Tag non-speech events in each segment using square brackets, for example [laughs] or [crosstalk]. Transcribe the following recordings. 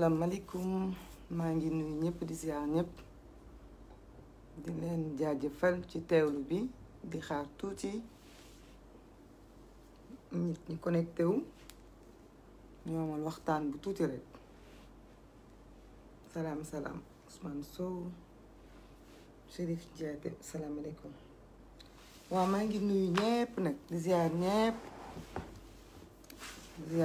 Salam maa ngi nuyu ñëpp di ziar ñëpp di leen jaajëfal ci teewlu bi di xaar tuuti nit ñi connecté wu ñoomal waxtaan bu tuuti rek salaam salam Ousmane Sow Chérif Diaté yep, waaw maa ngi nuyu ñëpp di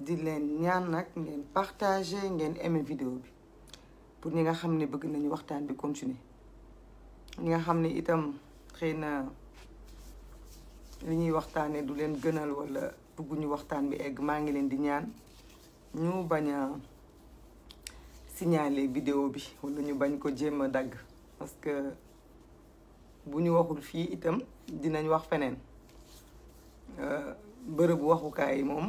di leen ñaan nag ngeen partager ngeen aimer vidéo bi pour ñi nga xam ne bëgg nañu waxtaan bi continuer ñi nga xam ne itam xëy na li ñuy waxtaanee du leen gënal wala bëgguñu waxtaan bi egg maa ngi leen di ñaan ñu bañ a signaler vidéo bi wala ñu bañ ko jéem a dagg parce que bu ñu waxul fii itam dinañ wax feneen euh, bërëb waxukaay yi moom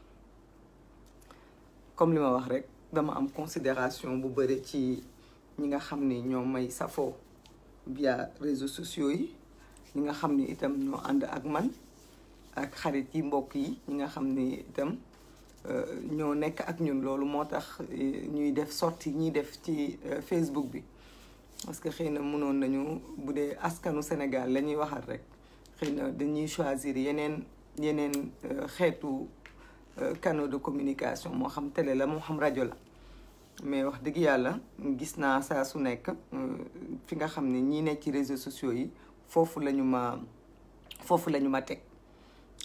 comme li ma wax rek dama am considération bu bëri ci ñi nga xam ni ñoo may safoo via réseaux sociaux yi ñi nga xam ni itam ñoo ànd ak man ak xarit yi mbokk yi ñi nga xam ni itam euh, ñoo nekk ak ñun loolu moo tax euh, ñuy def sorti ñuy def ci euh, Facebook bi parce que xëy na munoon nañu bu dee askanu Sénégal la ñuy waxal rek xëy na dañuy choisir yeneen yeneen xeetu Euh, canaux de communication moo xam télé la moo xam radio mais wax deug yalla gis na sa su nek euh, fi nga xam ne ñii ci réseaux sociaux yi fofu la ma foofu la ñu ma teg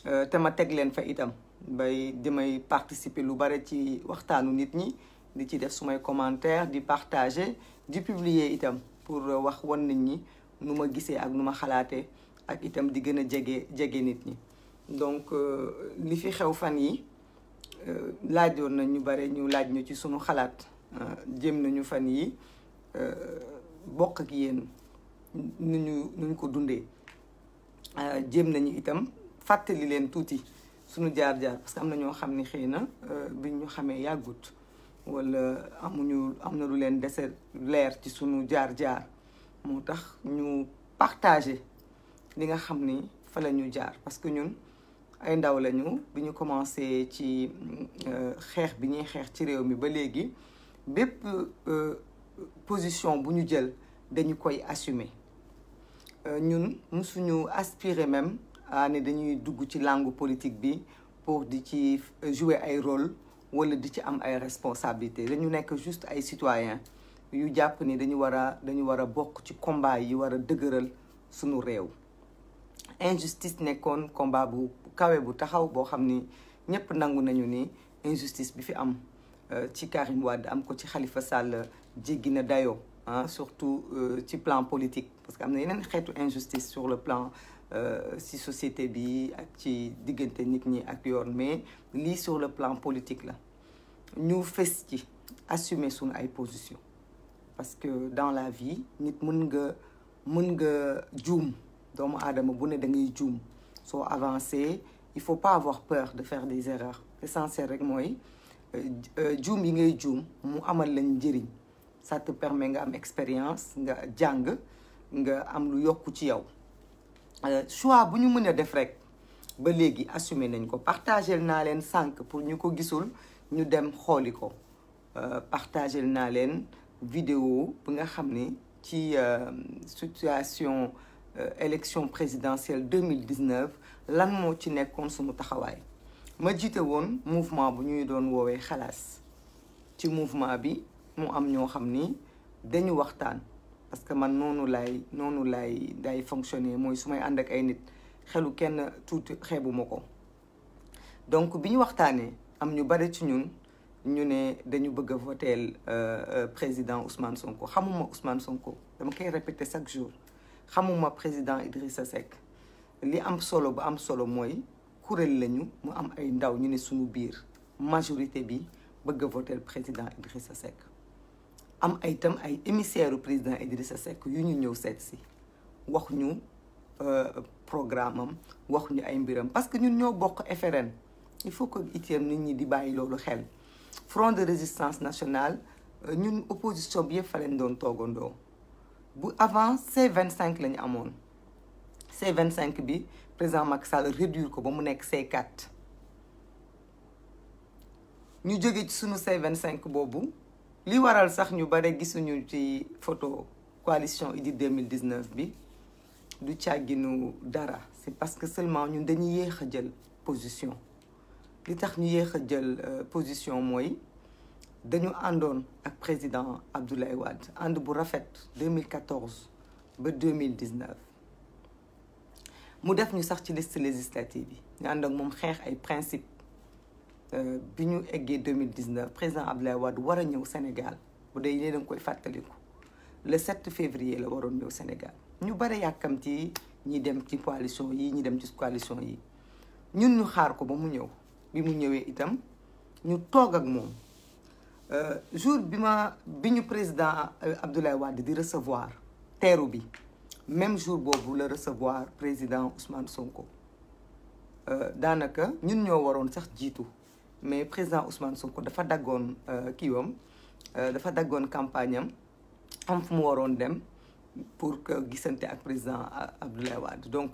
euh, te ma tek leen fa itam bay damay participer lu bare ci waxtanu nit ñi di ci def sumay commentaire di partager di publier itam pour wax won nit ñi nu ma gisee ak nu ma xalaatee ak itam di gëna a jege nit ñi donc li fi xew fan yi Euh, laajoon nañ ñu bare ñu laaj ñu ci suñu xalaat euh, jéem nañu fan yi euh, bokk ak yéen nu ñu nu ñu ko dundee jéem nañu itam fàttali leen tuuti suñu jaar-jaar parce que am na ñoo xam ne xëy na bi ñu xamee yàggut wala amuñu am na lu leen dese leer ci suñu jaar-jaar moo tax ñu partager li nga xam ni fa la ñu jaar parce que ñun. ay ndaw lañu bi ñu commencé ci euh, xeex bi ñuy xeex ci réew mi ba léegi bépp euh, position bu ñu jël dañu koy assumer euh, ñun mësuñu aspirer même à ne dañuy dugg ci langue politique bi pour di ci jouer ay rôle wala di ci am ay responsabilité dañu nekk juste ay citoyens yu jàpp ni dañu war a dañu war a bokk ci combat yi war a dëgëral suñu réew injustice nekkoon combat bu kawé bu taxaw bo xamni ñepp ñëpp nangu nañu ni injustice bi fi am euh, ci Karim Wade am ko ci Khalifa Sall jéggi dayo hein ah surtout euh, ci plan politique parce que am na yeneen xeetu injustice sur le plan euh, ci société bi ak ci digënté nit ñi ak yoon mais li sur le plan politique la ñu fess ci assumer sun ay position parce que dans la vie nit mën nga mën nga juum doomu adama bu ne da ngay juum soo avancé il faut pas avoir peur de faire des erreurs l'essentiel rek mooy euh, euh, juum yi ngay juum mu amal lañ jëriñ. ça te permet nga am expérience nga jang, nga am lu yokku ci yow euh, choix bu ñu mën def rek ba légui assumer nañ ko Partager na len sank pour ñu ko gisul ñu dem xooli ko partager na len vidéo bu nga xamné ne ci situation euh, élection présidentielle 2019 lan moo ci comme suñu taxawaay ma jité won mouvement bu ñuy doon wowe xalaas ci mouvement bi mu am ño xamni dañu waxtaan parce que man nonu lay nonu lay day fonctionner moy sumay and ak ay nit xelu kenn tout xeebu ma donc biñu ñu am ñu bari ci ñun ñu ne dañu bëgg voter euh, euh, président Ousmane Sonko xamuma Ousmane Sonko dama kay répéter chaque jour xamuma président sa Seck li am solo ba am solo mooy kuréel lañu mu am ay ndaw ñu ne sumu biir majorité bi bëgg a président président sa Seck am ay itam ay émissaire président sa Seck yu ñu ñëw seet si wax ñu euh, programme am wax ñu ay mbiram parce que ñun ñoo bokk FRN il faut que itam nit ñi di bàyyi loolu xel Front de résistance nationale euh, ñun opposition bi yëpp fa leen doon toggandoo bu avant C25 la ñu amoon C25 bi président Macky Sall réduire ko ba mu nekk C4 ñu jóge ci sunu C25 boobu li waral sax ñu bare gisuñu ci photo coalition Idy 2019 bi du càgginu dara c'est parce que seulement ñun dañuy yéex a jël position li tax ñu yéex a jël euh, position mooy dañu Andon, ak président Abdoulaye Wade and bu rafet 2014 ba 2019 mu def ñu sax ci liste législative yi ñu un ak Nous xex ay principe euh biñu eggé 2019 président Abdoulaye Wade wara a ñëw Sénégal bu day yéen a koy le 7 février la waron au Sénégal ñu yakam ci ñi dem ci coalition yi ñi dem ci coalition yi ñun ñu xaar ko ba mu ñëw bi mu ñëwee itam ñu toog ak euh, jour bim'a ma bi président euh, Abdoulaye Wade di recevoir Terubi. bi même jour boobu le recevoir président Ousmane Sonko euh, danaka ñun ñoo waron sax jitu mais président Ousmane Sonko dafa daggoon euh, dafa dagone campagne am fu mu dem pour que gisante ak président Abdoulaye Wade donc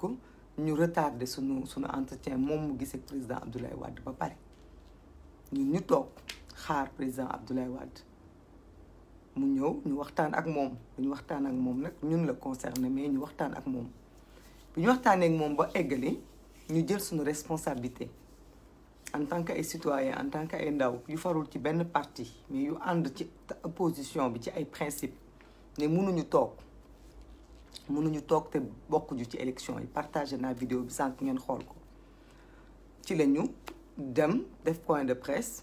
ñu retardé sunu sunu entretien mom mu président Abdoulaye Wade ba paré ñu ñu tok xaar président Abdoulaye Wade mu ñëw ñu waxtaan ak moom bu ñu waxtaan ak moom nag ñun la concerné mais ñu waxtaan ak moom bu ñu waxtaanee ak moom ba eggali ñu jël suñu responsabilité en tant que ay citoyen en tant que ay ndaw yu farul ci benn parti mais yu ànd ci opposition bi ci ay principe ne mënuñu toog mënuñu toog te bokk ju ci élection yi partagé naa vidéo bi sànq ngeen xool ko ci la ñu dem def point de presse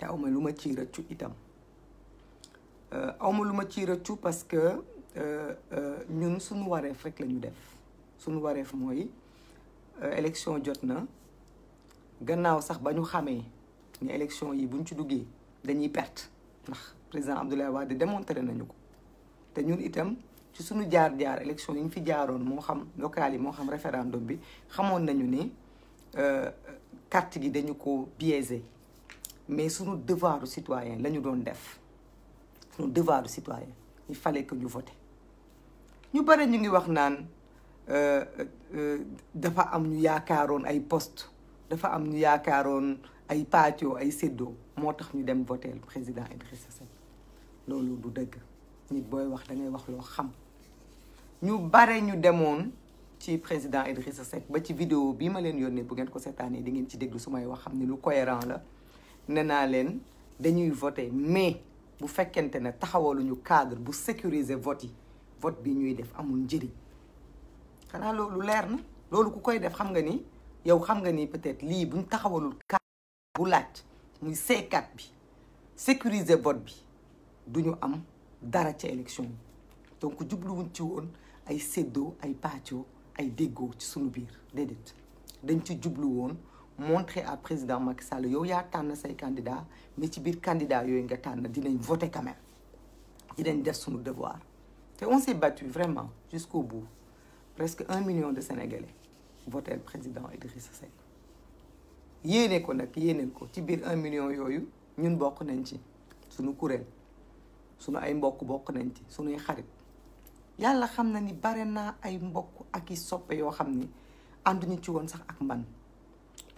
te awma lu ma ci rëccu itam euh, awma lu ma ci rëccu parce que euh, euh, ñun suñu wareef rek la def suñu wareef mooy élection jot na gannaaw sax ba ñu xamee ni élection yi buñ ci duggee dañuy perte ndax président Abdoulaye Wade démontré nañu ko te ñun itam ci suñu jaar-jaar élection yi ñu fi jaaroon moo xam local yi moo xam référendum bi xamoon nañu ni carte gi dañu ko biaisé mais suñu devoir citoyen la ñu doon def suñu devoir citoyen il fallait que ñu vote ñu bare ñu ngi wax naan euh, euh, euh, dafa am ñu yaakaaroon ay poste dafa am ñu yaakaaroon ay patio ay seddo moo tax ñu dem voter le président Idrissa Seck loolu du dëgg nit booy wax da ngay wax loo xam ñu bare ñu demoon ci président Idrissa Seck ba ci vidéo bi ma leen yónnee bu ngeen ko seetaanee di ngeen ci déglu su may wax xam ne lu cohérent la ne naa leen dañuy voter mais bu fekkente ne taxawaluñu cadre bu sécuriser vote yi vote bi ñuy def amul njëriñ xanaa loolu leer na loolu ku koy def xam nga ni yow xam nga ni peut-être lii buñ taxawalul cadre bu laaj muy c bi sécuriser vote bi duñu am dara ci élection bi donc jubluwuñ ci woon ay séddoo ay pàccoo ay déggoo ci sunu biir déedéet dañ ci jublu woon montré à président Macky Sall yow ya tànn say candidat mais ci bir candidat yooyu nga tànn dinañ voter quand même dinañ def son devoir te on s'est battu vraiment jusqu'au bout presque 1 million de sénégalais voter le président Idrissa Seck yéné ko nak yéné ko ci bir 1 million yooyu ñun bokk nañ ci suñu courel suñu ay mbokk bokk nañ ci suñu xarit yalla xam na ni bare ay mbokk ak i soppe yoo xam ni ànduñu ci won sax ak man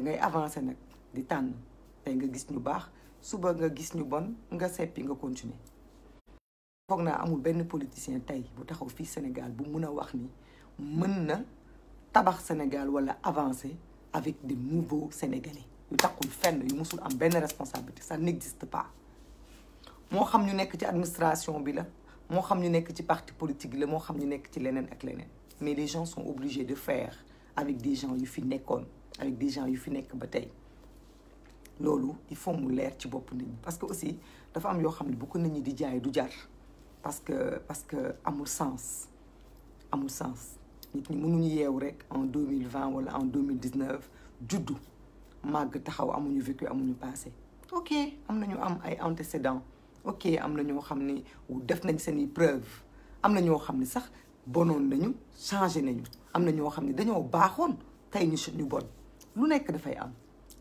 da ngay avancer nak di tànn tey nga gis ñu bax suba nga gis ñu bon nga seppi nga continuer foog naa amul ben politicien tay bu taxaw fi Sénégal bu mëna wax ni mëna tabax Sénégal wala avancer avec des nouveaux Sénégalais yu takul fenn yu musul am ben responsabilité ça n'existe pas mo xam ñu nekk ci administration bi la mo xam ñu nekk ci parti politique la mo xam ñu nekk ci lenen ak lenen mais les gens sont obligés de faire avec des gens yu fi nekkoon avec des gens yu fi nekk ba tey il faut mu leer ci bopp parce que aussi dafa am yoo xam ne bu ko nit ñi di jaay du jar parce que parce que amul sens amul sens nit ñi mënuñu yeewu rek en 2020 wala en 2019. mille mag, neuf juddu màgg taxaw amuñu vécu amuñu passé. ok am na am ay antécédents ok am na ñoo xam def nañ seni i preuve am na ñoo sax bonoon nañu changer nañu am na ñoo xam ne dañoo baaxoon tey ñu ñu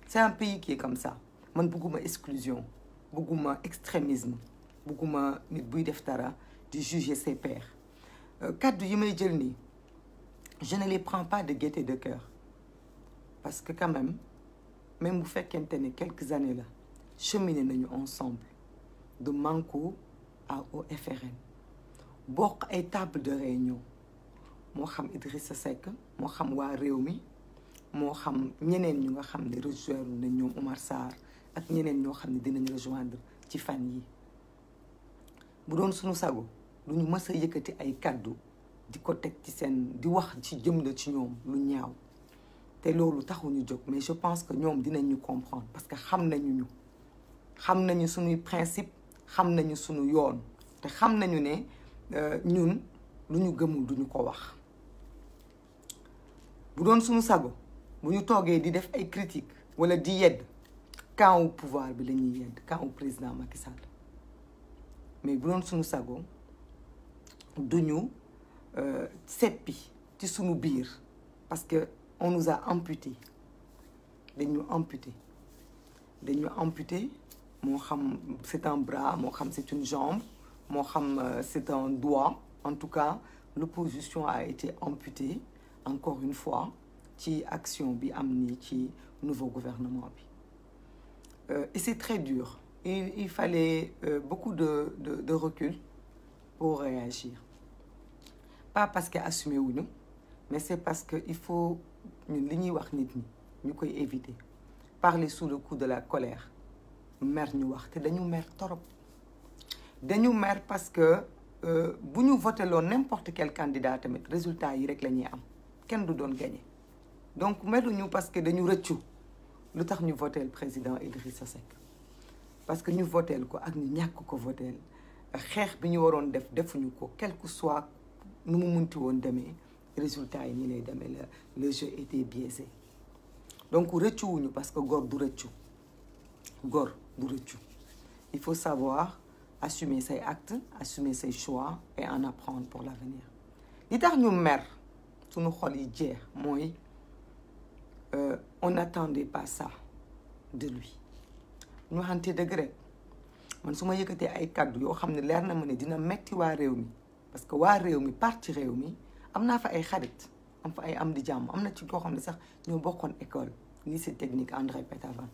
c'est un pays qui est comme ça beaucoup bëgguma beaucoup d'exclusion, beaucoup d'extrémisme, de de def de juger ses pères. Quatre euh, yi may jël je ne les prends pas de gaieté de cœur parce que quand même même si fekkente fait quelques années là, cheminé nañu ensemble de Manco à OFRN bokk ay table de réunion je xam Idrissa Seck moo xam waa moo xam ñeneen ñu nga xam ne rejoindre nañ ñoom Omar ak ñeneen ñoo xam ne dinañ rejoindre ci fan yi bu doon suñu sago duñu mës a yëkkati ay kàddu di ko teg ci seen di wax ci jëm na ci ñoom lu ñaaw te loolu taxuñu jóg mais je pense que ñoom dinañu comprendre parce que xam nañu ñu xam nañu suñuy principe xam nañu suñu yoon te xam nañu ne euh, ñun lu ñu gëmul duñu ko wax bu doon suñu sago Nous avons di def ay critiques wala di yedd quand au pouvoir bi la est yedd au président Macky Sall mais nous sommes nous sago nous, ñu euh, seppi ci qu'on biir parce que on nous a amputé Nous amputé amputés. amputé sommes xam c'est un bras c'est une jambe euh, c'est un doigt en tout cas l'opposition a été amputée encore une fois qui action bi am nouveau gouvernement bi euh, et c'est très dur il fallait euh, beaucoup de de recul pour réagir pas parce a assumé non mais c'est parce que il faut une ligne éviter parler sous le coup de la colère Mère ñu wax te dañu mère trop. dañu mère parce que si euh, nous voté n'importe quel candidat le résultat yi rek Qu'est-ce am nous gagné donc meluñu parce que dañu rëccu lu tax ñu voteel président Idrissa Seck parce que ñu voteel ko ak ñu ñàkk ko voteel xeex bi ñu waroon def defuñu ko quel que soit nu mu munti woon demee résultat yi ñu lay le jeu était biaisé donc rëccuwuñu parce que góor du rëccu góor du rëccu il faut savoir assumer ses actes assumer ses choix et en apprendre pour l'avenir li tax ñu mer suñu xol yi jeex mooy euh, on n'attendait pas ça de lui Nous, avons degré, de man su ay kàddu yoo xam ne leer dina metti parce que nous avons parti réew mi fa ay des am fa ay am di ci Nous technique André Petavan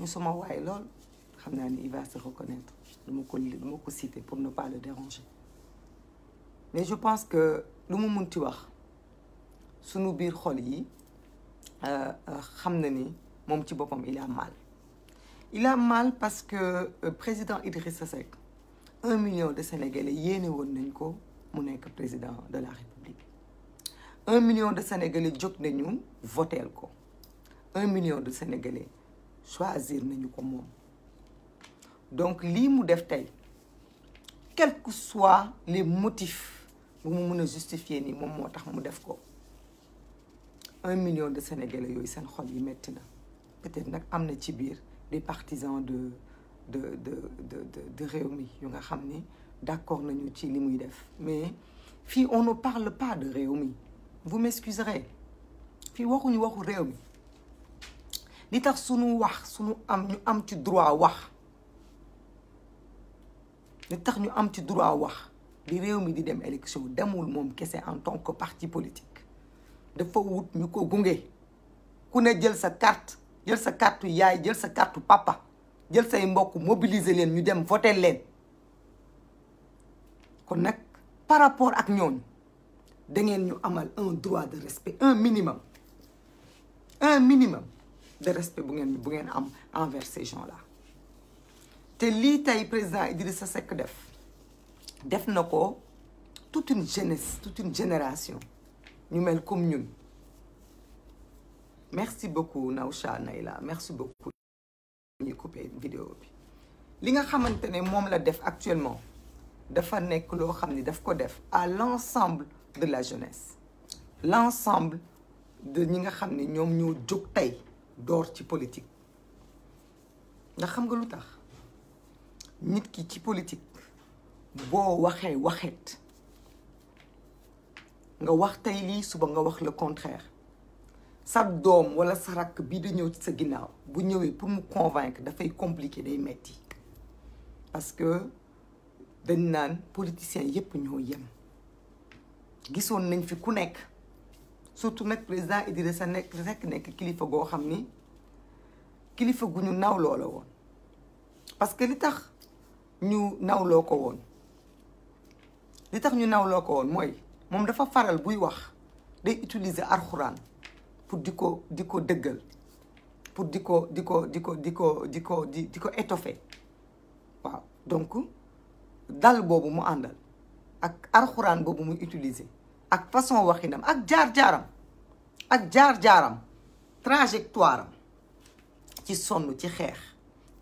Nous sommes waaye lool xam ni va se reconnaître Je citer pour ne pas le déranger mais je pense que lu mu wax xam mon petit moom ci il a mal il a mal parce que euh, président Idrissa Seck un million de sénégalais yéné won nañ ko mu président de la république un million de sénégalais jóg nañu voteel ko un million de sénégalais choisir nañu ko moom donc li mu def tey quels que soient les motifs vous mu mën justifier ni mon moo tax mu def ko un million de sénégalais yooyu sont xol yi metti peut-être que am ci des partisans de de de de de de mi d'accord nañu ci li mais fi on ne parle pas de réew vous m'excuserez ne waxuñu waxu de mi li tax sunu wax sunu am ñu am ci droit wax parler, tax ñu am ci droit wax li réew mi di dem élection demul qui est en tant que parti politique dafa wut ñu ko gunge ku ne jël sa carte jël sa carte yaay jël sa carte papa jël say mbokk mobiliser leen ñu dem voter leen kon nag par rapport ak ñooñu da ngeen ñu amal un droit de respect un minimum un minimum de respect bu ngeen bu ngeen am envers ces gens la te lii tey président Idrissa Seck def def na ko tout une jeunesse toute une génération nous sommes comme nous. merci beaucoup Naoucha, Naila. merci beaucoup ni coupé vidéo li nga que def actuellement à l'ensemble de la jeunesse l'ensemble de ñi nga xam ne ñoo politique xam nga politique nga wax tay li suba nga wax le contraire sa dom wala sa rakk bii di ñëw ci sa ginnaaw bu ñëwee pour mu convaincre fay compliqué day metti parce que dañ nan, politiciens yépp ñoo yem gisoon nañ fi ku nekk surtout nak président Idrissa nekk rek nekk kilifa go xamni ni kilifa gu ñu nawloo la parce que li tax ñu nawloo ko won li tax ñu nawloo ko won moy mom dafa faral buy wax day utiliser alxuraan pour diko ko deugal pour diko diko diko diko diko diko di ko étoffer wa donc dal bobu mu andal, ak alxuraan bobu mu utiliser ak façon waxinam ak jaar-jaaram ak jaar-jaaram trajectoire ci sonu ci xex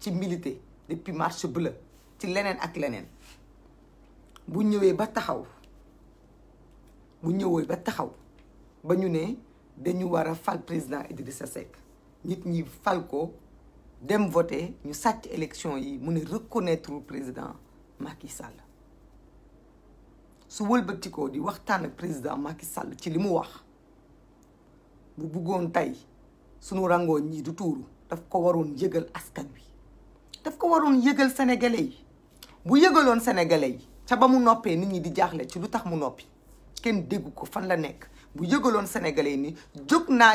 ci militer depuis marche bleue ci lenen ak lenen bu ñëwé ba taxaw bu ñëwee ba taxaw ba ñu ne dañu war a fal président Idrissa Seck nit ñi fal ko dem voter ñu sàcc élection yi mu ne reconnaître président Macky sàll su wëlbatikoo di waxtaan ak président Macky sàll ci li mu wax bu buggoon tey sunu rangoon ñi du tuuru daf ko waroon yëgal askan wi daf ko waroon yëgal sénégalais yi bu yëgaloon sénégalais yi ca ba mu noppee nit ñi di jaaxle ci lu tax mu noppi ken degu ko fan la nek bu sénégalais ni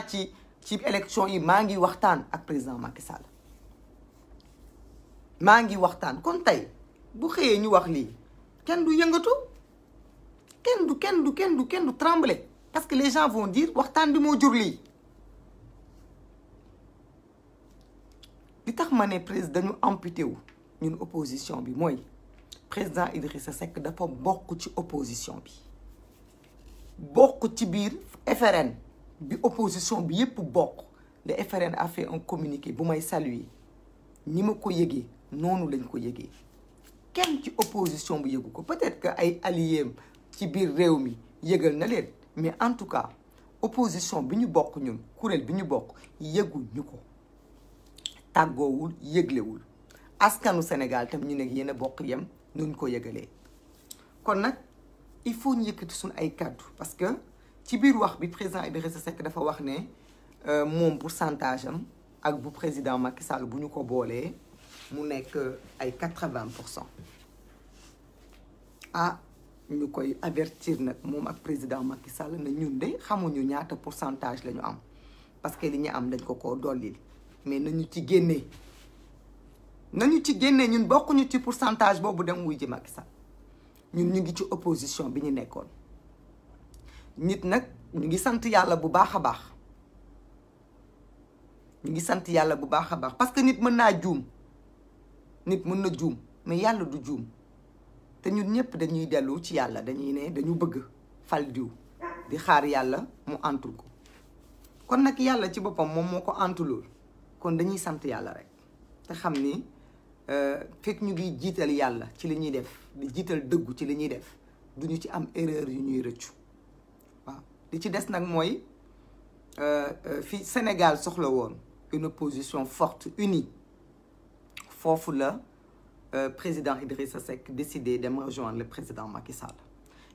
ci ci élection yi ak président Macky Sall kon bu du yëngatu du du du parce que les gens vont dire waxtaan bi mo jur li tax président dañu amputé wu ñun opposition bi président Idrissa Seck dafa bokku ci opposition Bok kou Tibir, Eferen, bi oposisyon biye pou bok, de Eferen a fe yon komunike, bou may salwi, ni mou kou yege, nou nou len kou yege. Ken ti oposisyon biye kou? Petet ke ay aliyem, Tibir, Réoumi, yege l nalèd, mi an tou ka, oposisyon biye bok kou nyon, kourel biye bok, yegu nyon. Tak gwo woul, yegle woul. Askan nou Senegal, tem yon e gye ne bok liyem, nou niko yege lèd. Konnèk? il faut que tu soyons à cadre parce que si wax bi président que Seck dafa wax ne pourcentage euh, avec ak président Macky Sall buñu ko bolé mu ay ah, avertir président Macky Sall ne ñun nous pourcentage parce que li ñu am dañ ko ko mais nous ci Nous nañu ci pourcentage dem Macky ñun ñu ngi ci opposition bi ñu nekkoon nit nag ñu ngi sant yàlla bu baax a baax ñu ngi sant yàlla bu baax a baax parce que nit mën naa juum nit mën na juum mais yàlla du juum te ñun ñëpp dañuy dellu ci yàlla dañuy ne dañu bëgg fal diw di xaar yàlla mu antu ko kon nag yàlla ci boppam moom moo ko antu kon dañuy sant yàlla rek te xam ni Euh, fekk ñu ngi jiital yàlla ci li ñuy def di jiital dëggu ci li ñuy def duñu ci am erreur yu ñuy rëccu waaw li ci des nag mooy euh, euh, fi Sénégal soxla woon une opposition forte unie foofu la président Idrissa Seck décidé dem rejoindre le président Macky Sall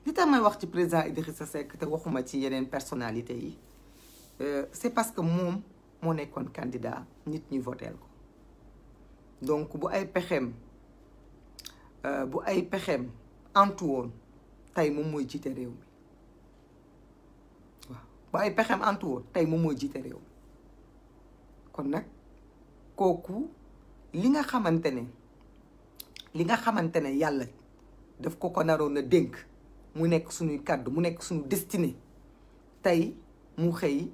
li tax may wax ci président Idrissa Seck te waxuma ci yeneen personnalité yi c'est parce que moom moo nekkoon candidat nit ñi voteel ko donc bu ay pexeem euh, bu ay pexeem antu woon tey moom mooy jiite réew mi waaw bu ay tey moom mooy jiite réew kon nag kooku li nga xamante ne li nga xamante ne yàlla daf ko ko naroon a dénk mu nekk suñuy kàddu mu nekk suñu destinée tey mu xëy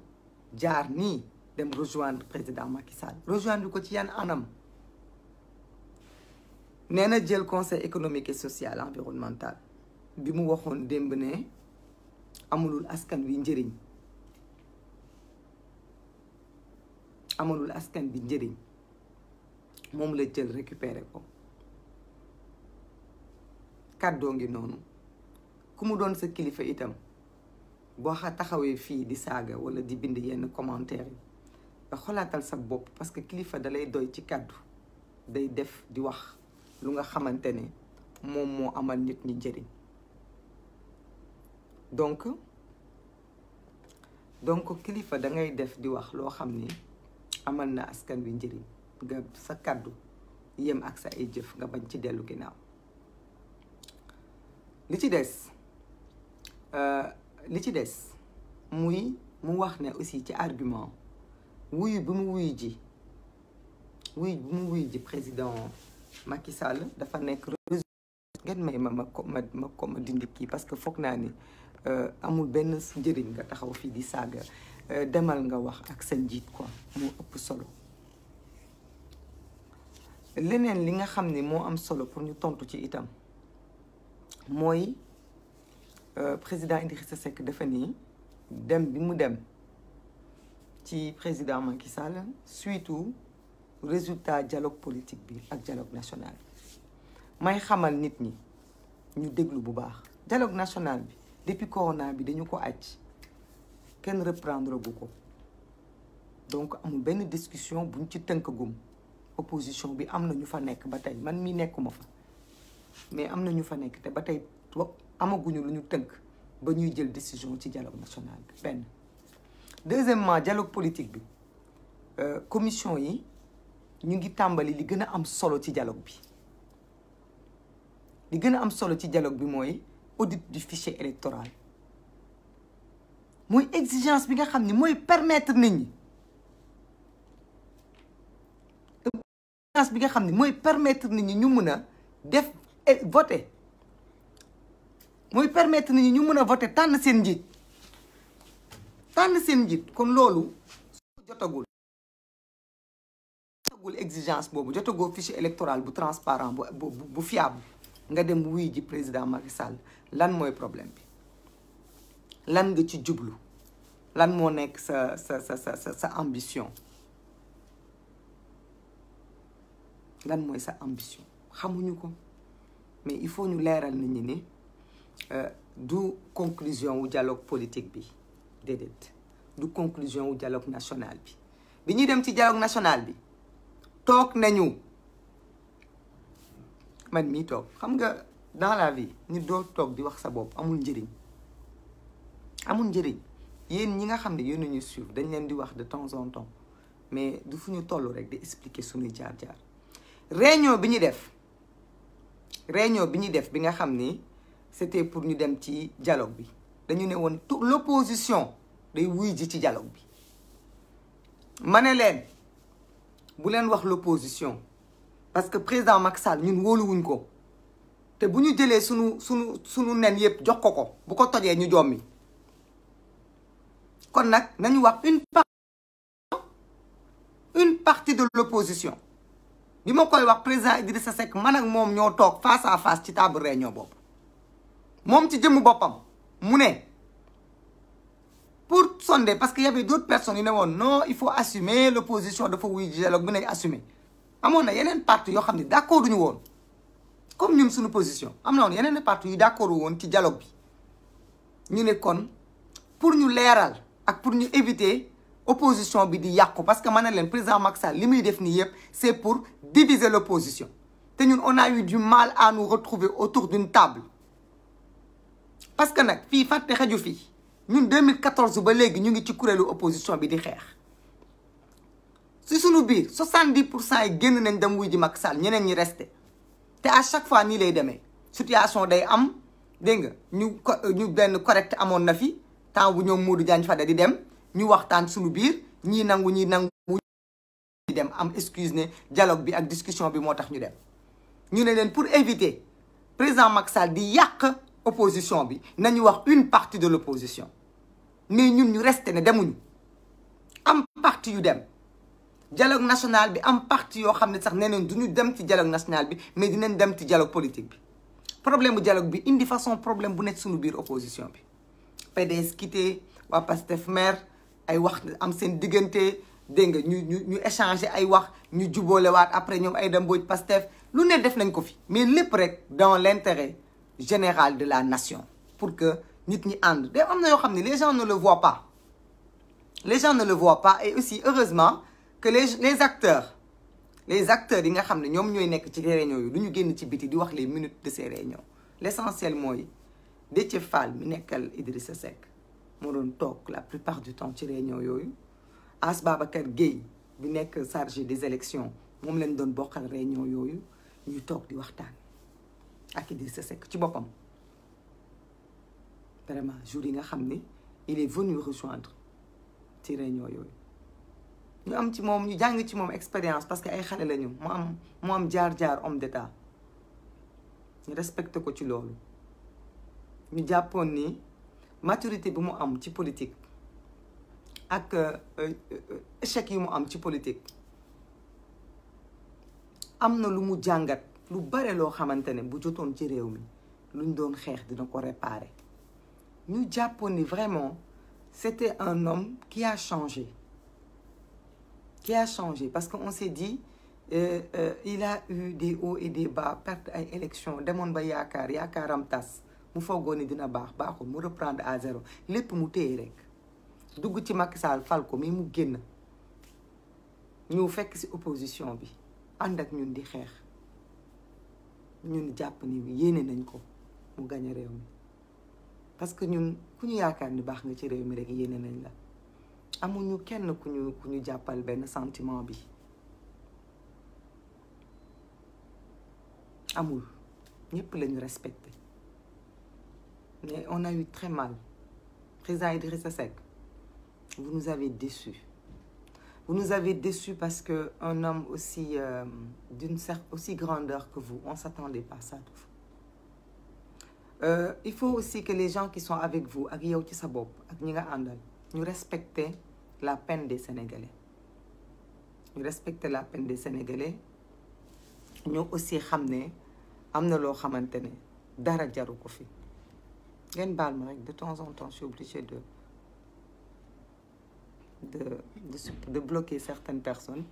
jaar nii dem rejoindre président Macky Sall rejoindre ko ci yan anam nee na jël conseil économique et social environnemental bi mu waxoon démb ne amulul askan wi njëriñ amulul askan bi njëriñ moom la jël récupérer ko kàddoo ngi noonu ku mu doon sa kilifa itam boo xa taxawee fii di saaga walla di bind yenn commentaire yi nga xolaatal sa bopp parce que kilifa dalay doy ci kàddu day def di wax lu nga xamante ne moom moo amal nit ñi njëriñ donc donc kilifa da ngay def di wax loo xam ni amal na askan wi njëriñ nga sa kàddu yem ak sa ay jëf nga bañ ci dellu ginnaaw li ci des euh, li ci des muy mu wax ne aussi ci argument wuyu bi mu wuyu ji wuyu bi mu wuyu ji président Macky Sall dafa nekk ngeen may ma ma ko ma ma ma dindi kii parce que foog naa ni euh, amul benn njëriñ nga taxaw fii di saaga euh, demal nga wax ak sa njiit ko moo ëpp solo leneen li nga xam ne moo am solo pour ñu tontu ci itam mooy euh, président indi Idrissa Seck dafa nii dem bi mu dem ci président Macky Sall surtout résultat dialogue politique bi ak dialogue national Je may xamal nit ñi ñu déglu bu baax dialogue national bi depuis corona bi dañu ko acc ken reprendre gu ko donc amul une discussion buñ ci teunk gum opposition bi amna eu ñu fa nek ba man mi nekuma fa mais amna ñu fa nek te ba tey amaguñu luñu ba ñuy jël décision ci dialogue national Deuxièmement, le deuxièmement dialogue politique bi euh, commission yi ñu ngi tàmbali li gën a am solo ci dialogue bi li gën a am solo ci dialogue bi mooy audit du fichier électoral mooy exigence bi nga xam ne mooy permettre nit ñi bi nga xam ne mooy permettre nit ñu mën a def eh, voter mooy permettre nit ñi ñu mën a voter tànn seen njiit tànn seen njiit kon loolu jotagul exigence exigence boobu go fichier électoral bu transparent bu bu fiable nga dem wuy président Macky Sall lan moy problème bi lan nga ci jublu lan mo nek sa sa sa sa sa ambition lan moy sa ambition xamuñu ko mais il faut ñu léral nit ñi ni euh, du conclusion wu dialogue politique bi déedéet du conclusion wu dialogue national bi bi dem ci dialogue national bi tok nañu man mi xam dans la vie nous avons tok di wax sa amul njëriñ amul nga ñu suivre de temps en temps mais du fu rek expliquer jaar-jaar réunion bi def réunion nga c'était pour ñu dialogue bi l'opposition day dialogue bi bu leen wax l'opposition parce que président Maxal Sall ñun wuñ ko té buñu ñu suñu suñu suñu sunu nen yëpp jox ko ko bu ko tojé ñu jommi kon nak nañu wax une partie une partie de l'opposition bi ma koy wax président Idrissa Seck man ak mom ñoo tok face à face ci table réunion bop mom ci jëm bopam mu pour sonder parce qu'il y avait d'autres personnes qui ne non il faut assumer l'opposition que le dialogue il faut assumer y a des parti qui sont d'accord avec nous. comme sommes suñu position y y des yeneen parti yu d'accord woon ci dialogue Nous, ñu pour nous leeral ak pour nous éviter opposition bi parce que maintenant, le président Maxa, ce qu'il c'est pour diviser l'opposition Et ñun on a eu du mal à nous retrouver autour d'une table parce que nous, fii fàtte xaju fii ñun 2014 ba léegi ñu ngi ci kuréelu opposition bi di xeex si sunu biir 70 pour cent yi génn nañ dem wuy ji Macky Sall ñeneen ñi resté te à chaque fois nii lay demee situation day am dégg nga ñu ñu benn correct amoon na fi temps bu ñoom Modou Diagne Fada di dem ñu waxtaan sunu biir ñii nangu ñii nangu di dem am excuse ne dialogue bi ak discussion bi moo tax ñu dem ñu ne leen pour éviter président Macky Sall di yàq. opposition bi nañu wax une partie de l'opposition mais ñun ñu resté né demuñu am parti yu dem dialogue national bi am parti yo xamné sax nee duñu dem ci dialogue national bi mais dinañ dem ci dialogue politique bi problème du dialogue bi indi façon problème bu net suñu biir opposition bi PDS quitté wa Pastef maire ay wax am sen digënté dégg nga ñu ñu échanger ay wax ñu waat après ñom ay dem booj Pastef lu né def nañ ko fi mais lépp rek dans l'intérêt Général de la nation pour que nit ñi les gens ne le voient pas les gens ne le voient pas et aussi heureusement que les les acteurs les acteurs yi nga xam ne ñoom ñooy nekk ci réunions yi du ñu ci les minutes de ces réunions L'essentiel c'est Que les Fall mi nekkal Idrissa Seck moo la plupart du temps ci réunion yooyu As Babacar Gueye bi nekk chargé des élections moom leen doon bokkal réunion yooyu ñuy toog di waxtaan ak Idrissa c'est ci boppam vraiment jour yi nga xam ramené il est venu rejoindre ci réunion yooyu ñu am ci moom ñu jàng ci moom expérience parce que ay xale lañu mu am mu am jaar-jaar homme d'état ñu respecté ko ci loolu ñu jàppoon ni maturité pour mu am ci politique ak que chacun un am ci politique am na lu mu jàngat lu bare loo xamante ne bu jotoon ci réew mi luñ doon xeex dina ko réparer ñu jàppoon ni vraiment c'était un homme qui a changé qui a changé parce que on s'est dit euh, euh, il a eu des hauts et des bas perte ay élection demoon ba yaakaar yaakaaram tas mu foogoon ni dina baax baaxul mu reprendre à zéro lépp mu téye rek dugg ci Macky Sall fal ko mi mu génn ñu fekk ci opposition bi ànd ak ñun di xeex ñun japp ni yéene nañ ko mu gañ réew mi parce que ñun ku ñu yaakaar ni baax nga ci réew mi rek yéene nañ la amuñu kenn ku ñu ku ñu jàppal benn sentiment bi amul ñëpp lañu respecté mais on a eu très mal président Idrissa Seck vous nous avez déçus vous nous avez déçus parce qu'un homme aussi, euh, d'une aussi grandeur que vous, on ne s'attendait pas à ça. Euh, il faut aussi que les gens qui sont avec vous, ak yow ci sa la peine des Sénégalais Nous respectent la peine des Sénégalais Nous aussi ramené ne am de temps en temps je suis obligée de de de de bloquer certaines personnes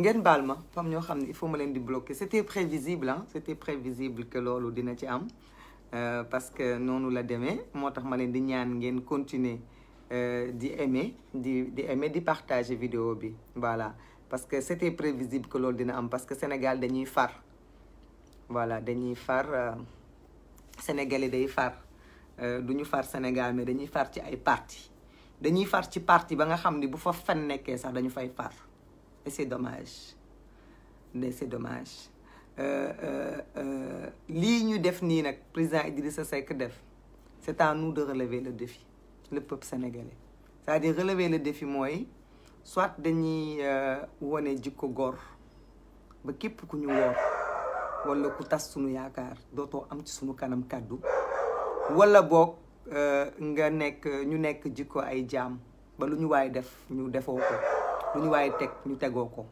ngeen Balma, ma fam ñoo xam il faut ma leen di bloquer c'était prévisible hein, c'était prévisible que loolu dina ci am euh, parce que nous, la demee Moi, Je ma demande de ñaan continuer euh, di aimer di di aimer partager vidéo bi voilà parce que c'était prévisible que loolu dina am parce que Sénégal dañuy far voilà dañuy far euh, sénégalais day far duñu far Sénégal mais dañuy far ci ay parti dañuy far ci parti ba nga xam ni bu fa fen nekkee sax dañu fay far et c'est dommage mais c'est dommage euh, euh, euh, lii ñu def nii nag président Idrissa Seck def c'est à nous de relever le défi le peuple sénégalais c'est-à-dire relever le défi mooy soit dañuy wone jikko gor ba képp ku ñu woor wala ku tas sunu yaakaar dootoo am ci sunu kanam kaddu wala boog euh, nga nek ñu nek jikko ay jaam ba lu ñu waaye def ñu defoo ko lu ñu waaye teg ñu tegoo ko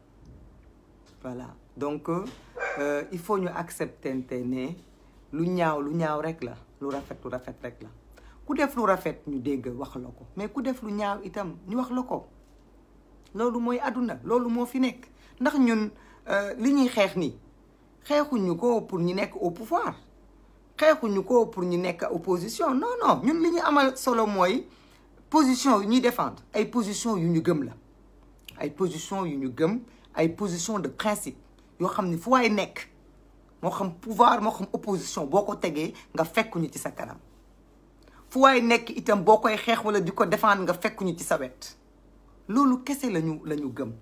voilà donc euh, il faut ñu accepter ne lu ñaaw lu ñaaw rek la lu rafet lu rafet rek la ku def lu rafet ñu dégg wax la ko mais ku def lu ñaaw itam ñu wax la ko loolu mooy àdduna loolu moo fi nek ndax ñun euh, li ñuy xex ni xexuñu ko pour ñu nek au pouvoir pour opposition non non nous sommes ñu amal solo position nous défendre position yu nous position yu position de principe Yo sommes fu Nous sommes en pouvoir sommes opposition en opposition. Nous nga fait ci nous wala défendre nga fait ci nous sommes en kese lañu la en opposition.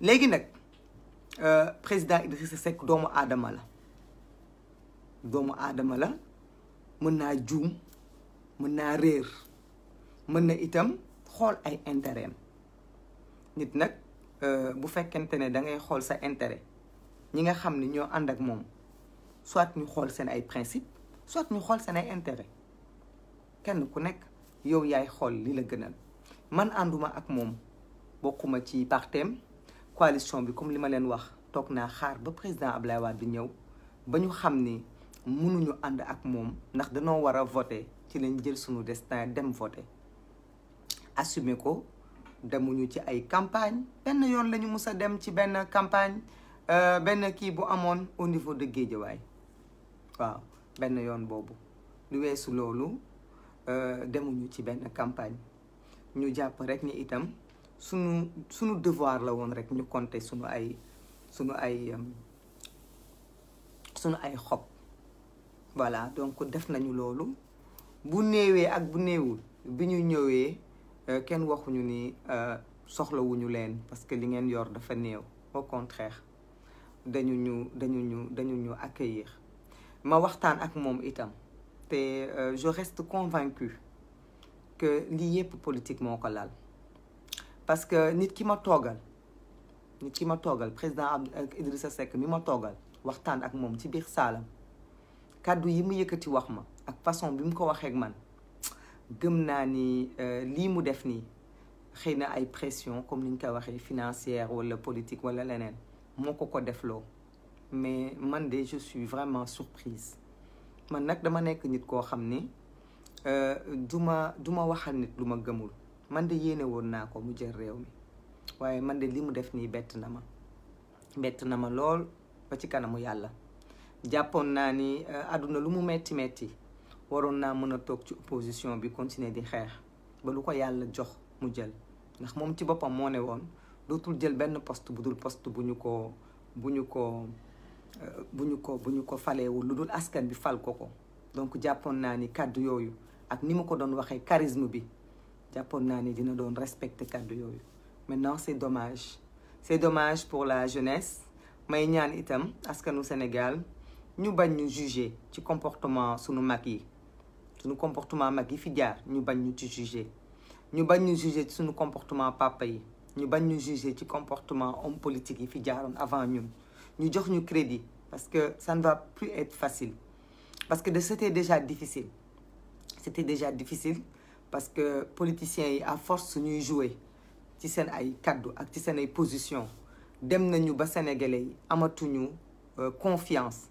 Nous sommes président Idrissa Seck sommes Adamala. doomu aadama la mën naa juum mën naa réer mën na itam xool ay intérêt am nit nag euh, bu fekkente ne da ngay xool sa intérêt ñi nga xam ne ñoo ànd ak moom soit ñu xool seen ay principe soit ñu xool seen ay intérêt kenn ku nekk yow yaay xool li la gënal man ànduma ak moom bokkuma ci partem coalition bi comme li ma leen wax toog naa xaar ba président Ablaye Wade ñëw ba ñu xam ni mënuñu ànd ak moom ndax danoo war a voter ci lañ jël suñu destin dem voter assumé ko demuñu ci ay campagne benn yoon lañu ñu a dem ci benn campagne euh, benn kii bu amoon au niveau de Guédiawaye waaw benn yoon boobu lu weesu loolu euh, demuñu ci benn campagne ñu jàpp rek ni itam sunu sunu devoir la woon rek ñu compter sunu ay sunu ay euh, sunu ay xob voilà donc def nañu lolu bu néewee ak bu néewul biñu ñëwé ñëwee euh, kenn waxuñu ni euh, wuñu leen parce que li ngeen yor dafa néew au contraire dañu ñu dañu ñu dañu ñu accueillir ma waxtaan ak moom itam te euh, je reste convaincu que lié politiquement politique moo ko laal parce que nit ki ma toogal nit ki ma toogal président Idrissa Seck mi ma toogal waxtaan ak moom ci biir saalam kàddu yi mu yëkkati wax ma ak façon bi mu ko waxee man gëm naa ni euh, lii mu def nii xëy na ay pression comme ni ñu koy waxee financière wala politique wala leneen moo ko ko defloo mais man de je suis vraiment surprise man nag dama nekk nit koo xam ni euh, du ma du ma waxal nit lu ma gëmul man de yéene woon naa ko mu jël réew mi waaye man de li mu def nii bett na ma bett na ma lool ba ci kanamu yàlla. jàppoon naa ni euh, àdduna lu mu metti opposition bi continuer di xex ba lu ko yalla jox mu jël ndax mom ci bopam mo ne won poste budul poste ko ko donc ni ak charisme bi maintenant c'est dommage c'est dommage pour la jeunesse may ñaan itam askanu Sénégal nous bañ ñu juger ci comportement de nos yi comportement de yi fi nous ñu bañ Nous ci juger ñu bañ juger ci comportement papa yi ñu bañ ñu juger ci comportement homme politique yi avant nous, nous jox ñu crédit parce que ça ne va plus être facile parce que de c'était déjà difficile c'était déjà difficile parce que politiciens à force nous jouer ci s'en ay cadres ak ci les positions. nous dem nañu ba sénégalais yi amatuñu euh, confiance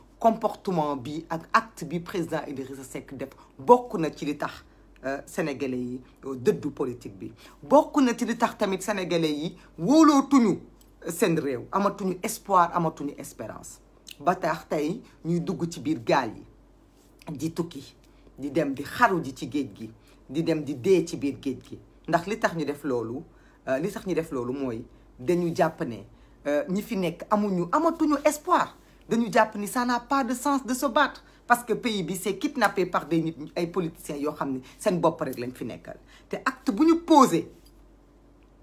comportement bi ak acte bi président Idrissa Seck def bokk na ci li tax euh, sénégalais yi euh, dëddu politique bi bokk na ci li tax tamit sénégalais yi tuñu euh, sen rew amatuñu espoir amatuñu espérance ba tax tay ñuy dugg ci biir gal yi di tukki di dem di xaru ji ci géej gi di dem di dé ci biir géej gi ndax li tax ñu def lolu li tax ñu def lolu moy dañu japp ne ñi fi nek amuñu amatuñu espoir dañu jàpp ni ça n'a pas de sens de se battre parce que pays bi c'est kidnappé par des politiciens qui xam ni seen bopp rek lañ fi nekkal un acte bu poser posé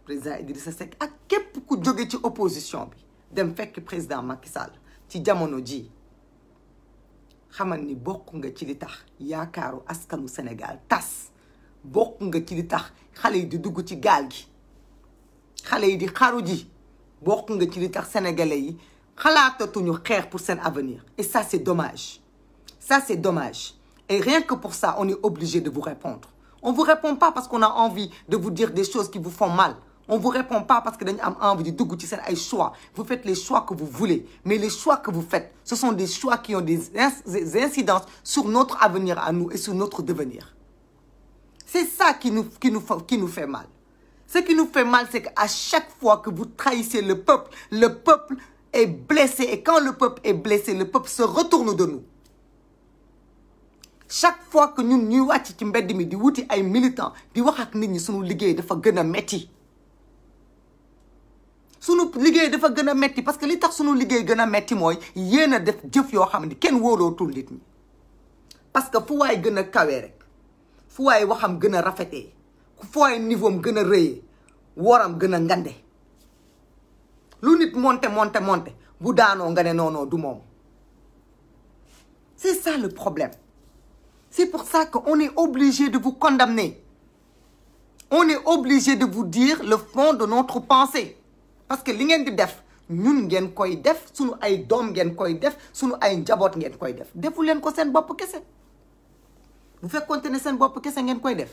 président Idrissa Seck ak képp ku jóge ci opposition bi dem fekk président Macky Sall ci jamono ji xamal ni bokk nga ci li tax yaakaaru askanu Sénégal tas bokku nga ci li tax xalé yi di dugg ci gal gi xalé yi di xaru ji bokku nga ci li tax sénégalais yi pour son avenir et ça c'est dommage ça c'est dommage et rien que pour ça on est obligé de vous répondre on vous répond pas parce qu'on a envie de vous dire des choses qui vous font mal on vous répond pas parce que vous am envie de vous ci choix vous faites les choix que vous voulez mais les choix que vous faites ce sont des choix qui ont des incidences sur notre avenir à nous et sur notre devenir c'est ça qui nous qui nous qui nous fait mal ce qui nous fait mal c'est qu'à chaque fois que vous trahissez le peuple le peuple est blessé, et quand le peuple est blessé, le peuple se retourne de nous. chaque fois que ñun ñuy wàcc ci mbedd di wuti ay militants di wax ak nit ñi sunu liggéey dafa gën a metti sunu liggéey dafa gën metti parce que li tax sunu liggéey gëna metti moy yéen def jëf yo xamni kenn wolo nit parce que fu way gëna a rek fu way waxam gëna rafété fu way niveau am gën a woram gëna ngandé L'unit monte monte monte non, on non, non, non, du c'est ça le problème c'est pour ça qu'on est obligé de vous condamner on est obligé de vous dire le fond de notre pensée parce que li ngeen di def nous, ngeen koy def nous ay doom ngeen koy def nous ay njaboot ngeen koy def defu Vous ko seen ce kese vous faites. Vous sen bop kese ngeen koy def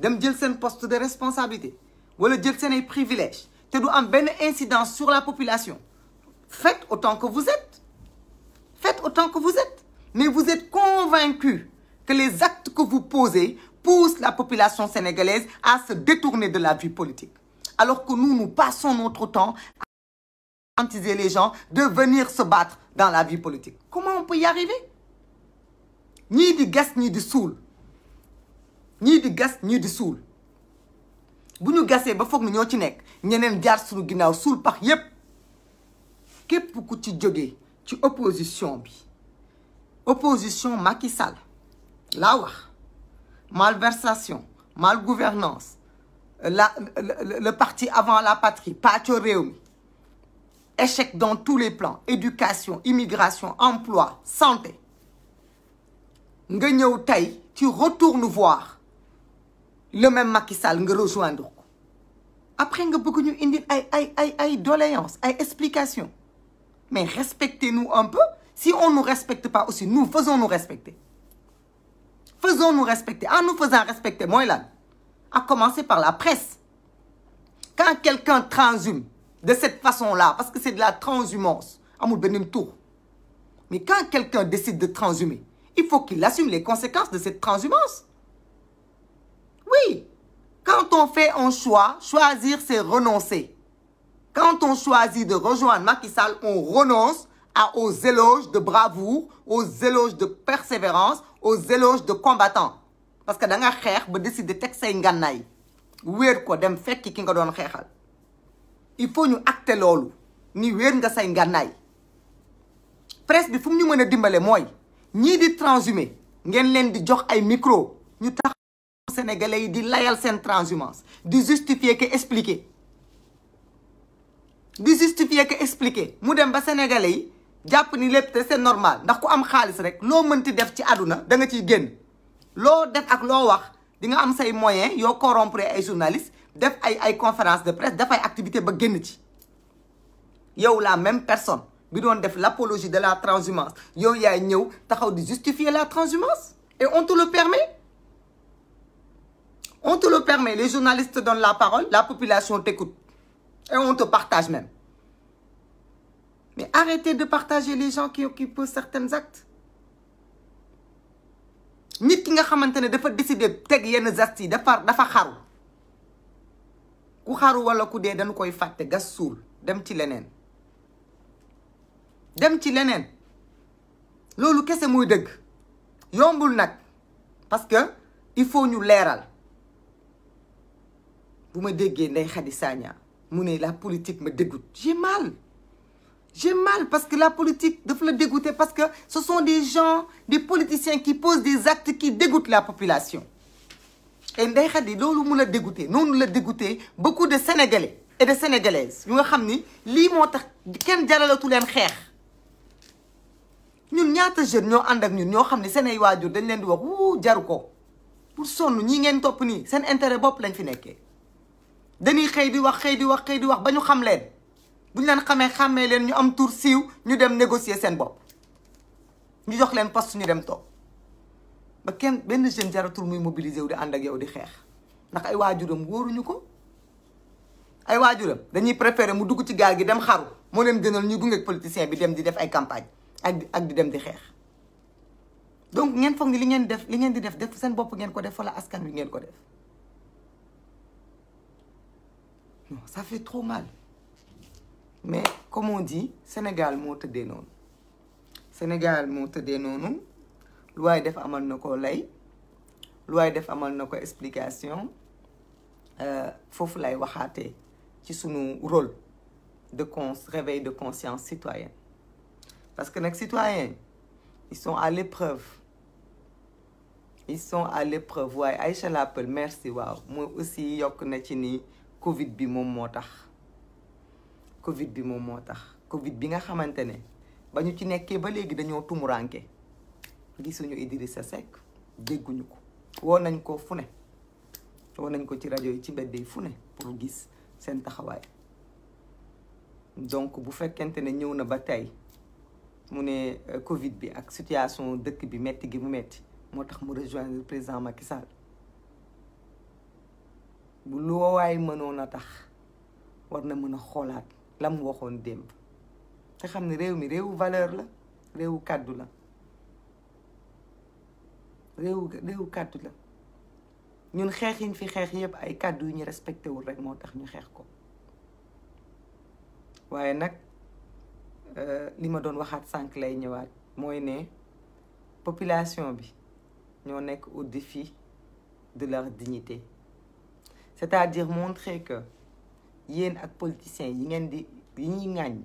dem jël poste de responsabilité wala jël privilèges te une bonne incidence sur la population faites autant que vous êtes faites autant que vous êtes mais vous êtes convaincus que les actes que vous posez poussent la population sénégalaise à se détourner de la vie politique alors que nous nous passons notre temps à garantiser les gens de venir se battre dans la vie politique comment on peut y arriver Ni du gaz, ni du saoul. Ni du gaz, ni du saoul buñu gassé ba ñoo ci nekk ñeneen jaar suñu pax yépp képp ku ci opposition bi opposition Macky Sall malversation malgouvernance la le parti avant la patrie patio échec dans tous les plans éducation immigration emploi santé nga ñëw tay tu retournes voir le même Macky Sall nga rejoindre après beaucoup bëgg beaucoup de doléances des explications mais respectez-nous un peu si on nous respecte pas aussi nous faisons nous respecter faisons nous respecter en nous faisant respecter moi, là, à commencer par la presse quand quelqu'un transhume de cette façon-là parce que c'est de la transhumance amul benn tour mais quand quelqu'un décide de transhumer il faut qu'il assume les conséquences de cette transhumance oui quand on fait un choix, choisir, c'est renoncer. Quand on choisit de rejoindre Macky Sall, on renonce aux éloges de bravoure, aux éloges de persévérance, aux éloges de combattants. Parce que dans la guerre, on décide de say ngànnaay wéer ko dem fekki ki nga Nous xeexal il faut ñu acter loolu ni Il nga say nous presse bi nous mu ñu nous a des mooy di transhumer Nous leen di jox ay micro sénégalais di layal sen transhumance di justifier que expliquer di justifier que expliquer mu dem ba sénégalais yi jàpp ni lepp te c'est normal ndax ku am xaalis rek lo mënti def ci aduna da nga ci guen lo def ak lo wax di nga am say moyens yo corrompre ay journaliste def ay ay conférence de presse def ay activité ba guen ci yow la même personne bi doon def l'apologie de la transhumance yow yaay ñew taxaw di justifier la transhumance et on te le permet on te le permet, les journalistes te donnent la parole, la population t'écoute. Et on te partage même. Mais arrêtez de partager les gens qui, occupent certains actes. nit ki nga xamante ne dafa décider teg yenn actes, yi dafa dafa xaru ku xaru walla ku dee dañu koy fàtte gas dem ci lenen dem ci lenen loolu kese moy deug yombul nak parce que il faut ñu léral vous me déggee la politique me dégoûte j'ai mal j'ai mal parce que la politique doit le dégoûter parce que ce sont des gens des politiciens qui posent des actes qui dégoûtent la population et nous dégoûter Nous dégoûter beaucoup de Sénégalais et de Sénégalaises Nous nga nous jaralatu nous Nous ñun jeunes nous pour nous, nous sommes Nous intérêt lañ dañuy xëy di wax xëy di wax xëy di wax ba ñu xam leen bu ñu leen xamee xàmmee leen ñu am tour siiw ñu dem négocier seen bopp ñu jox leen poste ñu dem toog ba kenn benn jeune jaratul muy mobiliser wu di ànd ak yow di xeex ndax ay waajuram wóoruñu ko ay waajuram dañuy préféré mu dugg ci gaal gi dem xaru moo leen gënal ñu gunge politicien bi dem di def ay campagne ak ak di dem di xeex donc ngeen foog ni li ngeen def li ngeen di def def seen bopp ngeen ko def wala askan wi ngeen ko def ça fait trop mal. Mais comme on dit, Sénégal moo des noms. Sénégal monte des noms. Loi de def amal na lay lu def amal na explication. Euh, fofu lay waxate ci rôle de réveil de conscience citoyenne parce que les citoyens ils sont à l'épreuve ils sont à l'épreuve oui Aïcha l'appelle, merci vous Moi aussi je na covid bi moom moo tax covid bi moom moo tax covid bi nga xamante ne ba ñu ci nekkee ba léegi dañoo tumuranke gisuñu Idrissa Seck dégguñu ko woo nañ ko fu ne woo nañ ko ci rajo yi ci mbedd yi fu ne pour gis seen taxawaay donc bu fekkente ne ñëw na ba tey mu ne euh, covid bi ak situation dëkk bi metti gi mu metti moo tax mu rejoindre président Macky Sall bu lu a tax war na a la te xamni rew mi rew valeur la réewu kaddu la un kaddu la ñun xexiñ fi xex yeb ay respecté rek motax ñu ko euh, population bi au défi de leur dignité c'est-à-dire montrer que yéen ak politiciens yi ngeen di yi ñuy ŋàññ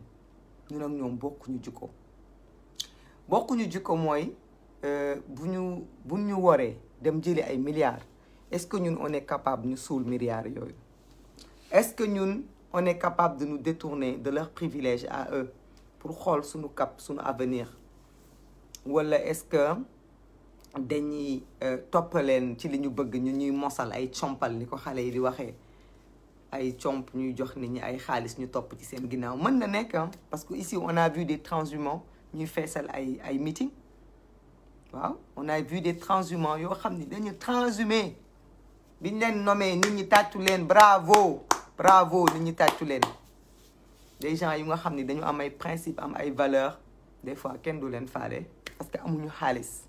ñun ak ñoom bokkuñu jikko bokkuñu jikko mooy euh, bu ñu nous ñu dem ay milliards est-ce que nous on est capable ñu suul milliards est-ce que nous on est capable de nous détourner de leurs privilèges à eux pour voir suñu cap suñu avenir Ou est-ce que dañuy euh, toppaleen ci li ñu bëgg ñu ñuy mosal ay compal ni ko xale yi di waxee ay comp ñuy jox nit ñi ay xaalis ñu topp ci seen ginnaaw mën na nekk hein, parce que ici on a vu des transhumants ñuy feesal ay ay meeting waaw on a vu des transhumants yoo xam ni dañu transhumé biñ leen nommé nit ñi tàccu leen bravo bravo nit ñi tàccu leen des gens yu nga xam ni dañu am ay principe am ay valeur des fois kenn du leen faale parce que amuñu xaalis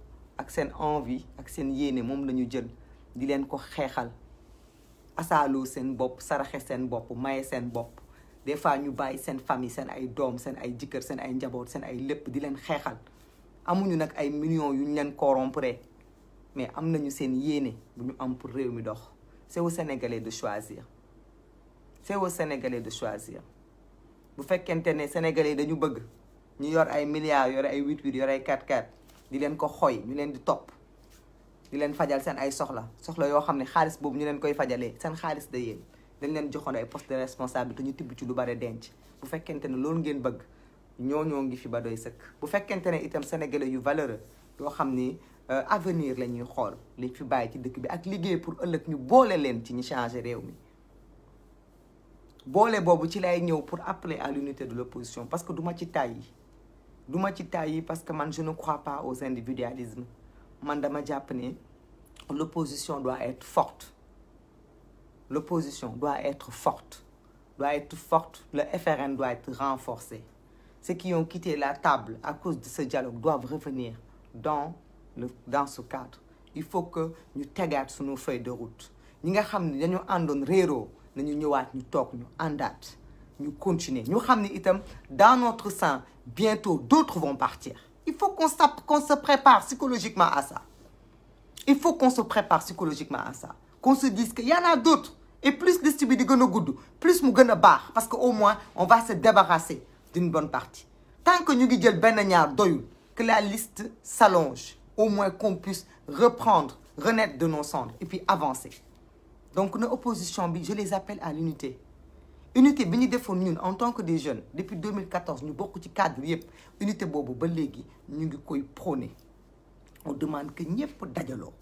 ak seen envie ak seen yéene moom la ñu jël di leen ko xeexal asaaloo seen bopp saraxe seen bopp maye seen bopp des fois ñu bàyyi seen famille seen ay doom seen ay jikkër seen ay njaboot seen ay lépp di leen xeexal amuñu nag ay millions yu ñu leen corrompre mais am nañu seen yéene bu ñu am pour réew mi dox c'est aux de choisir c'est aux Sénégalais de choisir bu fekkente ne Sénégalais dañu bëgg ñu yor ay milliards yor ay huit huit yor ay quatre quatre di leen ko xooy ñu leen di topp di leen fajal seen ay soxla soxla yoo xam ne xaalis boobu ñu leen koy fajalee seen xaalis da yéen dañ leen joxoon ay poste de responsabilité ñu tibb ci lu bare denc bu fekkente ne loolu ngeen bëgg ñoo ñooñoo ngi fi ba doy sëkk bu fekkente ne itam sénégalais yu valeur yoo xam ni euh, avenir la ñuy xool li fi bàyyi ci dëkk bi ak liggéey pour ëllëg ñu boole leen ci ñu changer réew mi boole boobu ci lay ñëw pour appeler à l'unité de l'opposition parce que duma ci tàyyi duma ci tayi parce que man je ne crois pas aux individualismes man dama jàpp ne l'opposition doit être forte l'opposition doit être forte doit être forte le FRN doit être renforcé ceux qui ont quitté la table à cause de ce dialogue doivent revenir dans le dans ce cadre il faut que ñu sur nos feuille de route ñi nga xamni dañu àndoon réro nañu ñëwaat ñu tok ñu àndaat ñu continuer ñu xamni itam dans notre sang bientôt d'autres vont partir. Il faut qu'on se prépare psychologiquement à ça. Il faut qu'on se prépare psychologiquement à ça. Qu'on se dise qu'il y en a d'autres. Et plus distribuer du goudou, plus nous bar. Parce qu'au moins, on va se débarrasser d'une bonne partie. Tant que nous avons que la liste s'allonge, au moins qu'on puisse reprendre, renaître de nos cendres et puis avancer. Donc, nos oppositions, je les appelle à l'unité en tant que des jeunes depuis 2014 ñu avons ci cadre yépp unité boobu ba léegi ñu ngi koy on demande que ñëpp dajaloo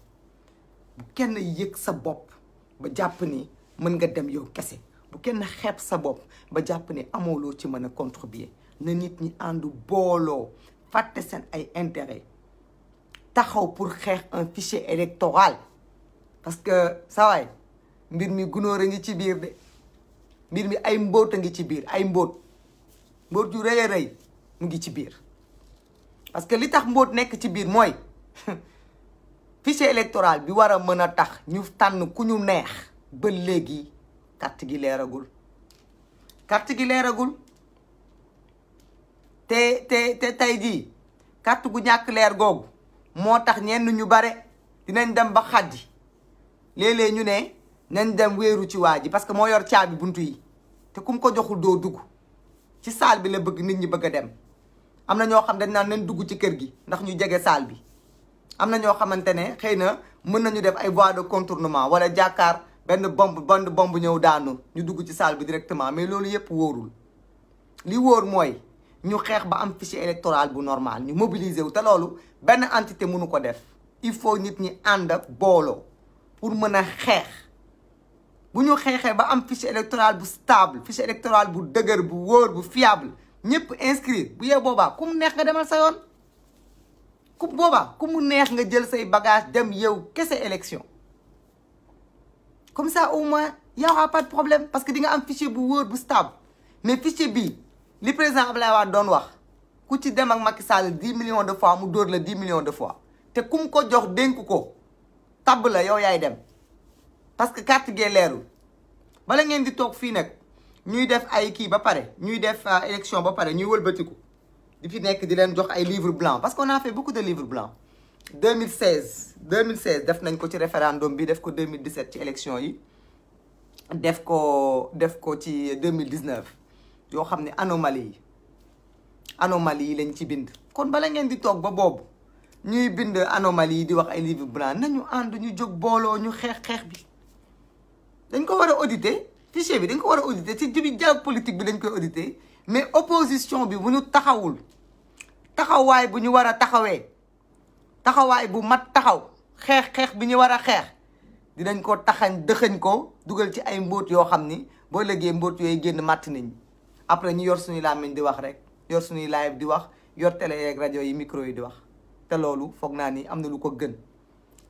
kenn yëg sa bopp ba jàpp ni mën dem yow kese bu kenn sa ba ni ci contribuer na nit ñi pour un fichier électoral parce que ça mbir mi gunóor ngi mbir mi ay mbóot a ngi ci biir ay mbóot mbóot yu rëy a rëy mu ngi ci biir parce que li tax mbóot nekk ci biir mooy [laughs] fichier électoral bi war a mën a tax ñu tànn ku ñu neex ba léegi carte gi leeragul carte gi leeragul te te te tey jii carte gu ñàkk leer googu moo tax ñenn ñu bare dinañ dem ba xaddi léeg-léeg ñu ne nañ dem wéeru ci waa ji parce que moo yor caabi buntu yi te kum ko joxul doo dugg ci saal bi la bëgg nit ñi bëgg a dem am na ñoo xam dañ naan nañ dugg ci kër gi ndax ñu jege saal bi am na ñoo xamante ne xëy na mën nañu def ay voie de contournement wala jàkkaar benn bomb benn bomb ñëw daanu ñu dugg ci saal bi directement mais loolu yëpp wóorul li wóor mooy ñu xeex ba am fichier électoral bu normal ñu mobiliser wu te loolu benn entité mënu ko def il faut nit ñi ànd booloo pour mën a xeex bu ñu xeexee ba am fichier électoral bu stable fichier électoral bu dëgër bu wóor bu fiable ñëpp inscrire bu yee boobaa ku mu neex nga demal sa yoon ku boobaa ku mu neex nga jël say bagage dem yow kese élection comme ça au moins y aura pas de problème parce que di nga am fichier bu wóor bu stable mais fichier bii li président Abdoulaye Wade doon wax ku ci dem ak Macky Sall dix millions de fois mu dóor la dix millions de fois te kum ko jox dénk ko tabb la yow yaay dem parce que carte gee bala ngeen di tok fi nag ñuy def ay ki ba paré ñuy def ah, élection ba paré ñuy wëlbatiku di fi nekk di len jox ay livre blanc parce qu'on a fait beaucoup de livres blancs 2016 2016 def nañ ko ci référendum bi def ko 2017 ci élection yi def ko def ko ci 2019 yo xamné anomalie anomalie lañ ci bind kon bala ngeen di tok ba bobu ñuy bind anomalie di wax ay livre blanc nañu ànd ñu jóg bolo, ñu xex xex bi dañ ko war a auditer fichier bi dañ ko war a auditer ci dibi dialogue politique bi dañ koy auditer mais opposition bi bu ñu taxawul taxawaay bu ñu war a taxawee taxawaay bu mat taxaw xeex-xeex bi ñu war a xeex dinañ ko taxañ dëxëñ ko dugal ci ay mbóot yoo xam ni boo légee mbóot yooyu génn màtt nañ après ñu yor suñuy làmmiñ di wax rek yor suñuy live di wax yor télé yeeg rajo yi micro yi di wax te loolu foog naa ni am na lu ko gën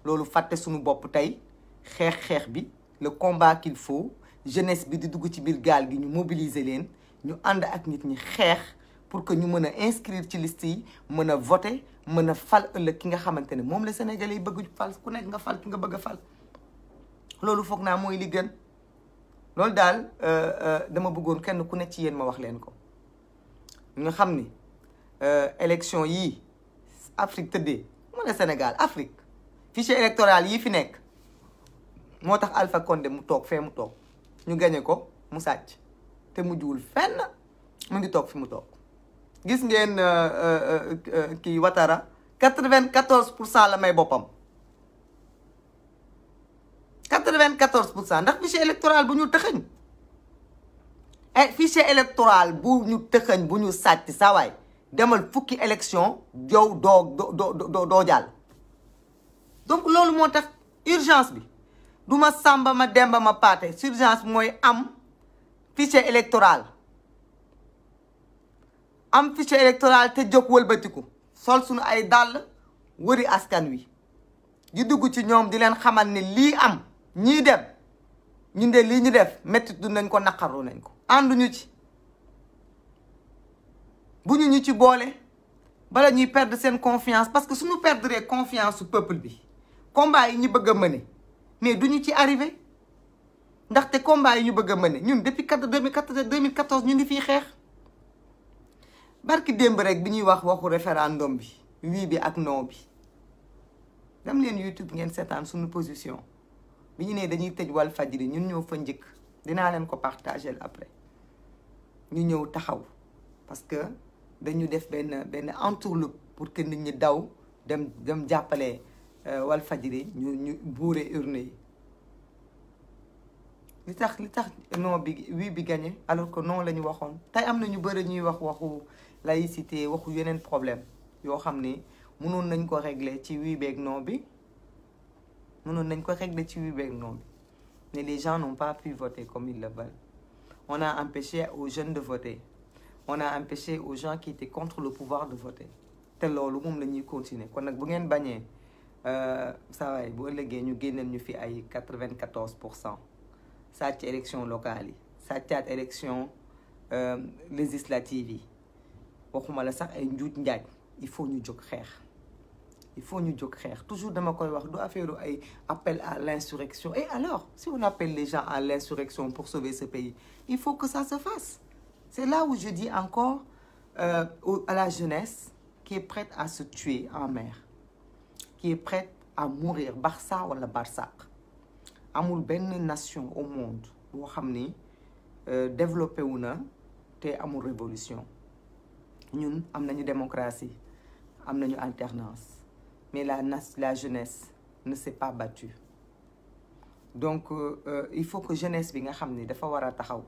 loolu fàtte suñu bopp tey xeex-xeex bi le combat qu'il faut jeunesse bi di dugg ci biir gaal gi ñu mobiliser leen ñu and ak nit ñi xex pour que ñu mën inscrire ci liste yi mën voter mën fal ëllëg ki nga xamantene mom moom la Sénégalais yi bëgg fal ku nekk nga fal ki nga bëgg fal Lolu foog na moy li gën euh euh dama bëggoon kenn ku ne ci yeen ma wax leen ko ñu xamni euh élection yi Afrique tëddee mu ne Sénégal Afrique fichier électoral yi fi nekk moo tax Alpha Condé mu toog fee mu toog ñu gañe ko mu sàcc te mu mujjuwul fenn mu ngi toog fi mu toog gis ngeen euh, euh, euh, kii Ouattara quatre-vingt-quatorze pour cent la may boppam quatre-vingt-quatorze pour cent ndax fichier électoral bu ñu tëxëñ eh, fichier électoral bu ñu tëxëñ bu ñu sàcc sawaay demal fukki élection yow doo doo doo doo jàll donc loolu moo tax urgence bi du ma sàmba ma demba ma paate substance mooy am fichier électoral am fichier électoral te jóg wëlbatiku sol suñu ay dàll wëri askan wi di dugg ci ñoom di leen xamal ni lii am ñii dem ñun de lii ñu def métti du nañ ko naqaru nañ ko ànduñu ci bu ñu ñu ci boole bala ñuy perdre seen confiance parce que suñu perdre confiance su peuple bi combat yi ñu bëgg a mëne mais duñu ci arrivé ndaxte combat yi ñu bëgg depuis 2014, 2014, mille quatorze barki référendum bi oui bi ak non bi YouTube position Nous avons ne dañuy nous wal nous ñun ñoo après Nous sommes parce que dañu def ben ben pour que nous ñi daw dem dem euh, wal fajiri ñu ñu buure urne yi li tax li tax non bi oui bi gagné alors que non la waxon tay amna ñu bëre ñuy wax waxu laïcité waxu yeneen problème yo xamné mënon nañ ko régler ci oui beeg non bi mënon nañ ko régler ci oui beeg non bi mais les gens n'ont pas pu voter comme ils le veulent on a empêché aux jeunes de voter on a empêché aux gens qui étaient contre le pouvoir de voter tel lolu mom lañuy continuer kon nak bu ngeen bañé euh, ça va. nous avons ñu génneel ñu fi ay quatre-vingt-quatorze élections législatives. locale ça sàccaat euh, législative waxuma la il faut nous jóg il faut nous jóg toujours dans ma wax du appel à l'insurrection et alors si on appelle les gens à l'insurrection pour sauver ce pays il faut que ça se fasse c'est là où je dis encore euh, à la jeunesse qui est prête à se tuer en mer qui est prête à mourir Barça ou wala y a une nation au monde qui a euh, développé une révolution Nous avons une démocratie avons une alternance mais la la jeunesse ne s'est pas battue donc euh, euh, il faut que jeunesse bi nga pour faire des choses, taxaw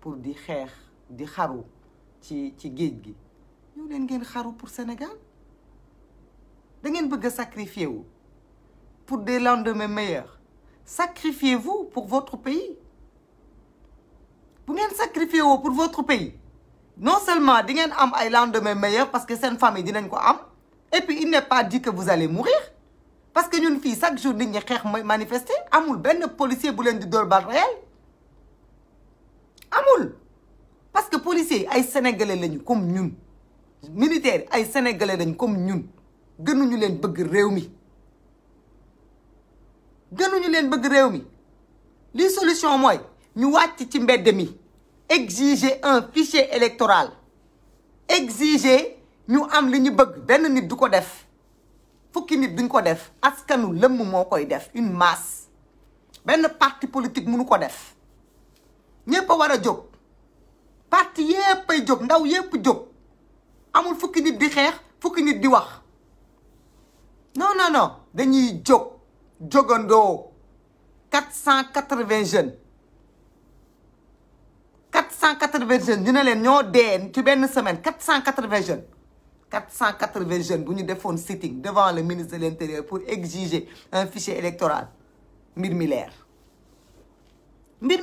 pour di xeex di xaru ci ci géej gi ñu leen ngeen pour Sénégal vous voulez sacrifier pour des lendemains meilleurs sacrifiez-vous pour votre pays Vous ngeen sacrifier pour votre pays non seulement vous ngeen am des lendemains meilleurs parce que c'est une famille qui ko am et puis il n'est pas dit que vous allez mourir parce que nous, fii chaque jour nous ñi xeex manifester amul policier bu leen di réel amul parce que policiers ay sénégalais lañu comme Les militaires ay sénégalais comme ñun nous leen bëgg réew mi gënuñu leen bëgg réew mi li solution ñu ci exiger un fichier électoral exiger ñu am li ñu bëgg benn nit du ko def fukki nit ko def askanu lëmm moo koy def une masse benn parti politique mënu ko def ñëpp a war a parti yépp ndaw yépp jóg amul fukki nit di fukki nit di wax non non non Ils ont quatre jeunes 480 jeunes 480 une semaine 480 jeunes quatre cent quatre vingt jeunes sitting devant le ministre de l'intérieur pour exiger un fichier électoral mbir Mirmilaire. mbir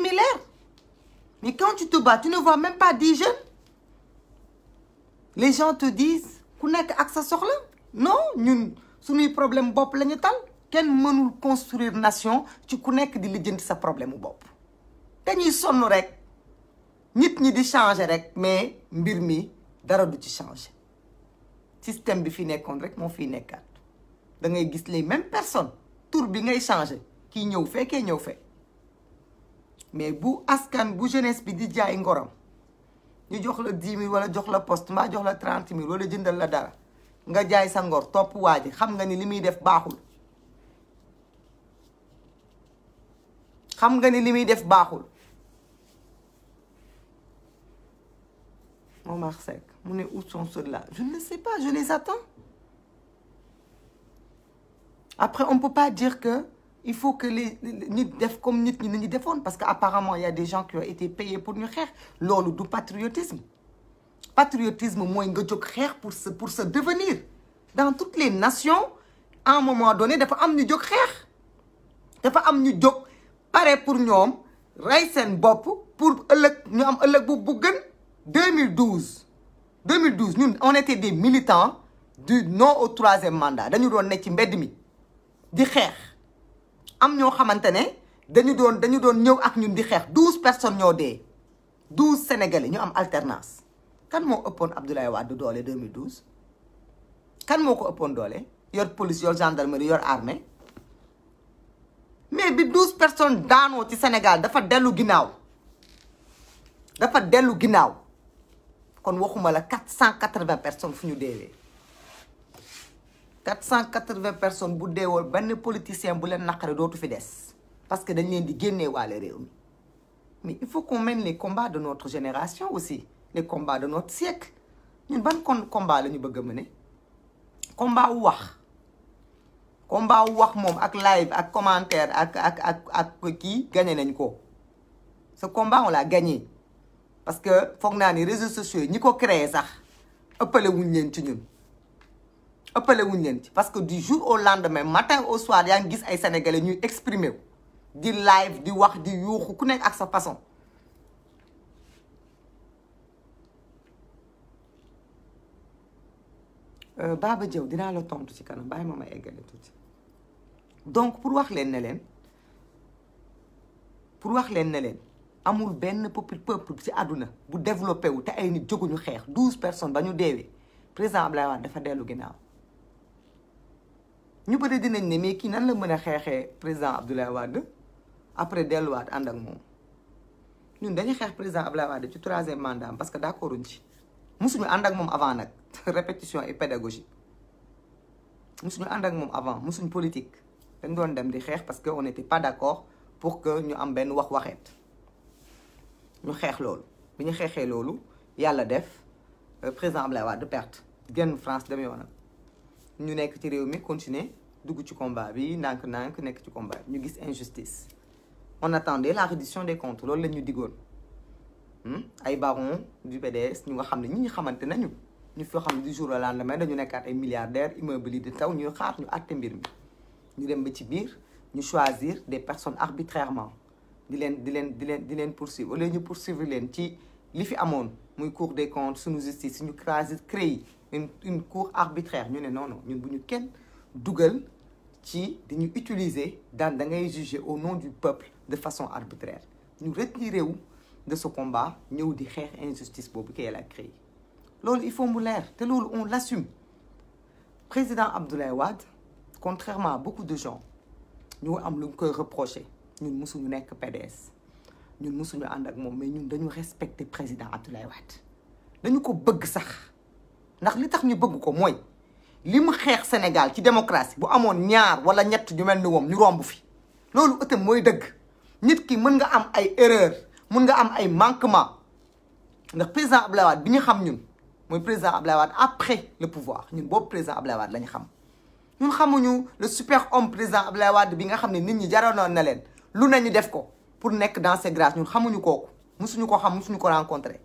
mais quand tu te bats tu ne vois même pas 10 jeunes les gens te disent qu'on a ak sa soxla non nous un problème bop lañu tal construire nation ci ku di sa problème dañuy rek nit changer mais mbir mi dara changer système bi fi mon rek mo gis les mêmes personnes tour bi ngay changer mais bu askan jeunesse bi di jaay ngorom ñu jox la wala jox la poste jox la nga jaay sangor, top topp xam nga ni limi def baxul xam nga ni def Omar où sont ceux-là je ne sais pas je les attends après on peut pas dire que il faut que les nit def comme nit ni parce qu'apparemment, il y a des gens qui ont été payés pour nous faire loolu du patriotisme patriotisme moy nga jóg xex pour ce pour sa devenir dans toutes les nations à un moment donné dafa am ñu jóg xex dafa am ñu jóg pare pour ñom rey seen bopp pour ëllëg ñu am ëllëg bu bu gën 2012 2012 ñun on était des militants du non au troisième mandat dañu doon ne ci mbedd mi di xex am ñoo xamantene dañu doon dañu doon ñëw ak ñun di xex 12 personnes ñoo dé 12 sénégalais ñu am alternance kan mon opponent Abdoulaye Wade en 2012 kan moo il y doole yor police yor gendarmerie yor armée mais bi 12 personnes dans le Sénégal dafa dellu ginnaaw dafa dellu ginnaaw kon waxuma la 480 personnes qui ñu 480 personnes bu deewoo politiciens, politicien bu pas naqare dootu fi des parce que dañ leen di génnee waale réew mi mais il faut qu'on mène les combats de notre génération aussi les combats de notre siècle ñun ban kon combat la ñu bëgg a mëne combat wu wax combat wu wax mom, ak live ak commentaire ak ak ak ak gagné nañ ko ce combat on l'a gagné parce que foog naa ni réseaux sociaux yi ñi créé sax ëppale wuñ leen ci ñun ëppale wuñ leen ci parce que du jour au lendemain matin au soir a un gis ay sénégalais ñuy exprimer wu di live di wax di yuuxu ku nekk ak sa façon Euh, Baba Diaw dinaa la tontu ci kanam bàyyi moom ma eggale tuuti donc pour wax leen ne leen pour wax leen ne leen amul benn peuple peuple ci àdduna bu développé wu te ay nit jóguñu xeex douze personnes ba ñu deewee président Ablaye Wade dafa dellu ginnaaw ñu bëri dinañ ne mais kii nan la mën a xeexee président Abdoulaye Wade après delluwaat ànd ak moom ñun dañuy xeex président Abdoulaye Wade ci troisième mandat parce que d'accorduñ ci mosuñu ànd ak moom avant nag. [laughs] répétition et pédagogie Nous sommes avant nous politique parce que on n'était pas d'accord pour que nous am nous wax Nous ñu euh, de perte nous France dem continuer combat bi combat injustice on attendait la reddition des comptes loolu nous avons dit les barons du PDS nous fi xam ne du jour au lendemain dañu nekkaat ay milliardaires immobilier de di taw ñuy Nous ñu àtte mbir mi ñu dem ba ci ñu choisir des personnes arbitrairement di leen di leen di leen di leen poursuivre au nous, ñu poursuivre leen ci li fi amoon muy cour des comptes nous justice nous crasi créer une une cour arbitraire ñu ne non non ñun nous ñu kenn dugal ci dañu utiliser daan da ngay juger au nom du peuple de façon arbitraire Nous retiré wu de ce combat ñëw di xeex injustice boobu qu'elle a créé loolu il faut mouler. leer on l'assume président Abdoulaye Wade contrairement à beaucoup de gens ñu am lu ñu reprocher ñun musuñu nekk PDS ñun musuñu ànd ak moom mais ñun dañu respecter président Abdoulaye Wade dañu ko bëgg sax ndax li tax ñu bëgg ko mooy li mu xeex Sénégal ci démocratie bu amoon ñaar wala ñett ñu mel ni moom ñu romb fi loolu itam mooy dëgg nit ki mën nga am ay erreur mën nga am ay manquements, ndax président Abdoulaye Wade bi ñu xam le président à après le pouvoir ñun le président Ablawad. Nous lañu xam le super homme président à Nous nga xam nit ñi na pour nekk dans ses grâces nous xamuñu savons nous ko xam nous ko rencontré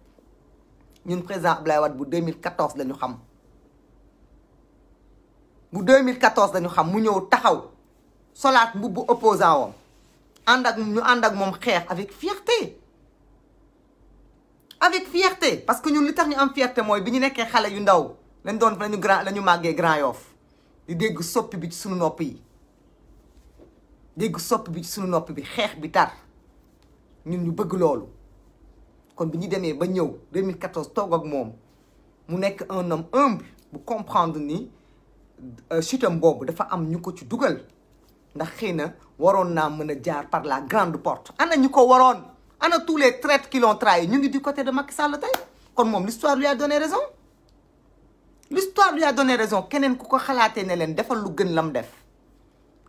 Nous président 2014 lañu 2014 lañu xam mu nous taxaw nous Nous avec fierté avec fierté parce que ñun li tax ñu am fierté mooy bi ñu nekkee xale yu ndaw lañ doon lañu grand la ñu màggee grand yoof di dégg soppi bi ci suñu nopp yi dégg soppi bi ci suñu nopp bi xeex bi tar ñun ñu bëgg loolu kon bi ñu demee ba ñëw 2014 toog ak moom mu nekk un homme humble bu comprendre ni euh, chutam boobu dafa am ñu ko ci dugal ndax xëy na waroon naa mën a jaar par la grande porte ana ñu ko waroon ana tous les traîtres qui l'ont trahi ñu du côté de Macky Sall tay kon mom l'histoire lui a donné raison l'histoire lui a donné raison Kenen ku ko xalaatee ne len defal lu gën lam def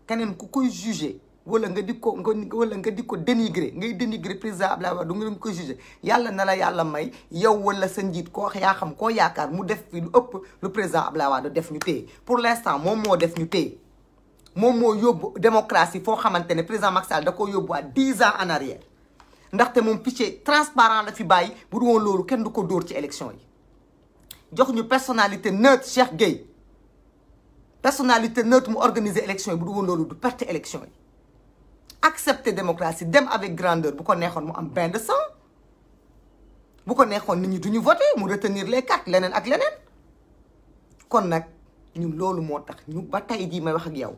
kenen ku koy jugé wala nga di ko wala nga di ko ngay dénigrer président Abdoulaye Wade du nga ko juger yalla nala yalla may yow wala sa ko koo yaa xam mu def fi lu upp le président Abdoulaye Wade def ñu téye pour l'instant moom moo def ñu téye moom moo yóbbu démocratie fo xamante président Macky Sall da ko yob à dix ans en arrière ndaxte mom fichier transparent la fi bàyyi bu won woon loolu kenn du ko ci élection yi jox ñu personnalité neutre Cheikh Gueye personnalité neutre mu organiser élection yi bu du woon du perte élection yi accepter démocratie dem avec grandeur bu ko neexon mu am bain de sang bu ko neexon nit ñi duñu voter mu retenir les cartes lenen ak lenen kon nak ñun loolu motax ñu ba tey jii may wax ak yow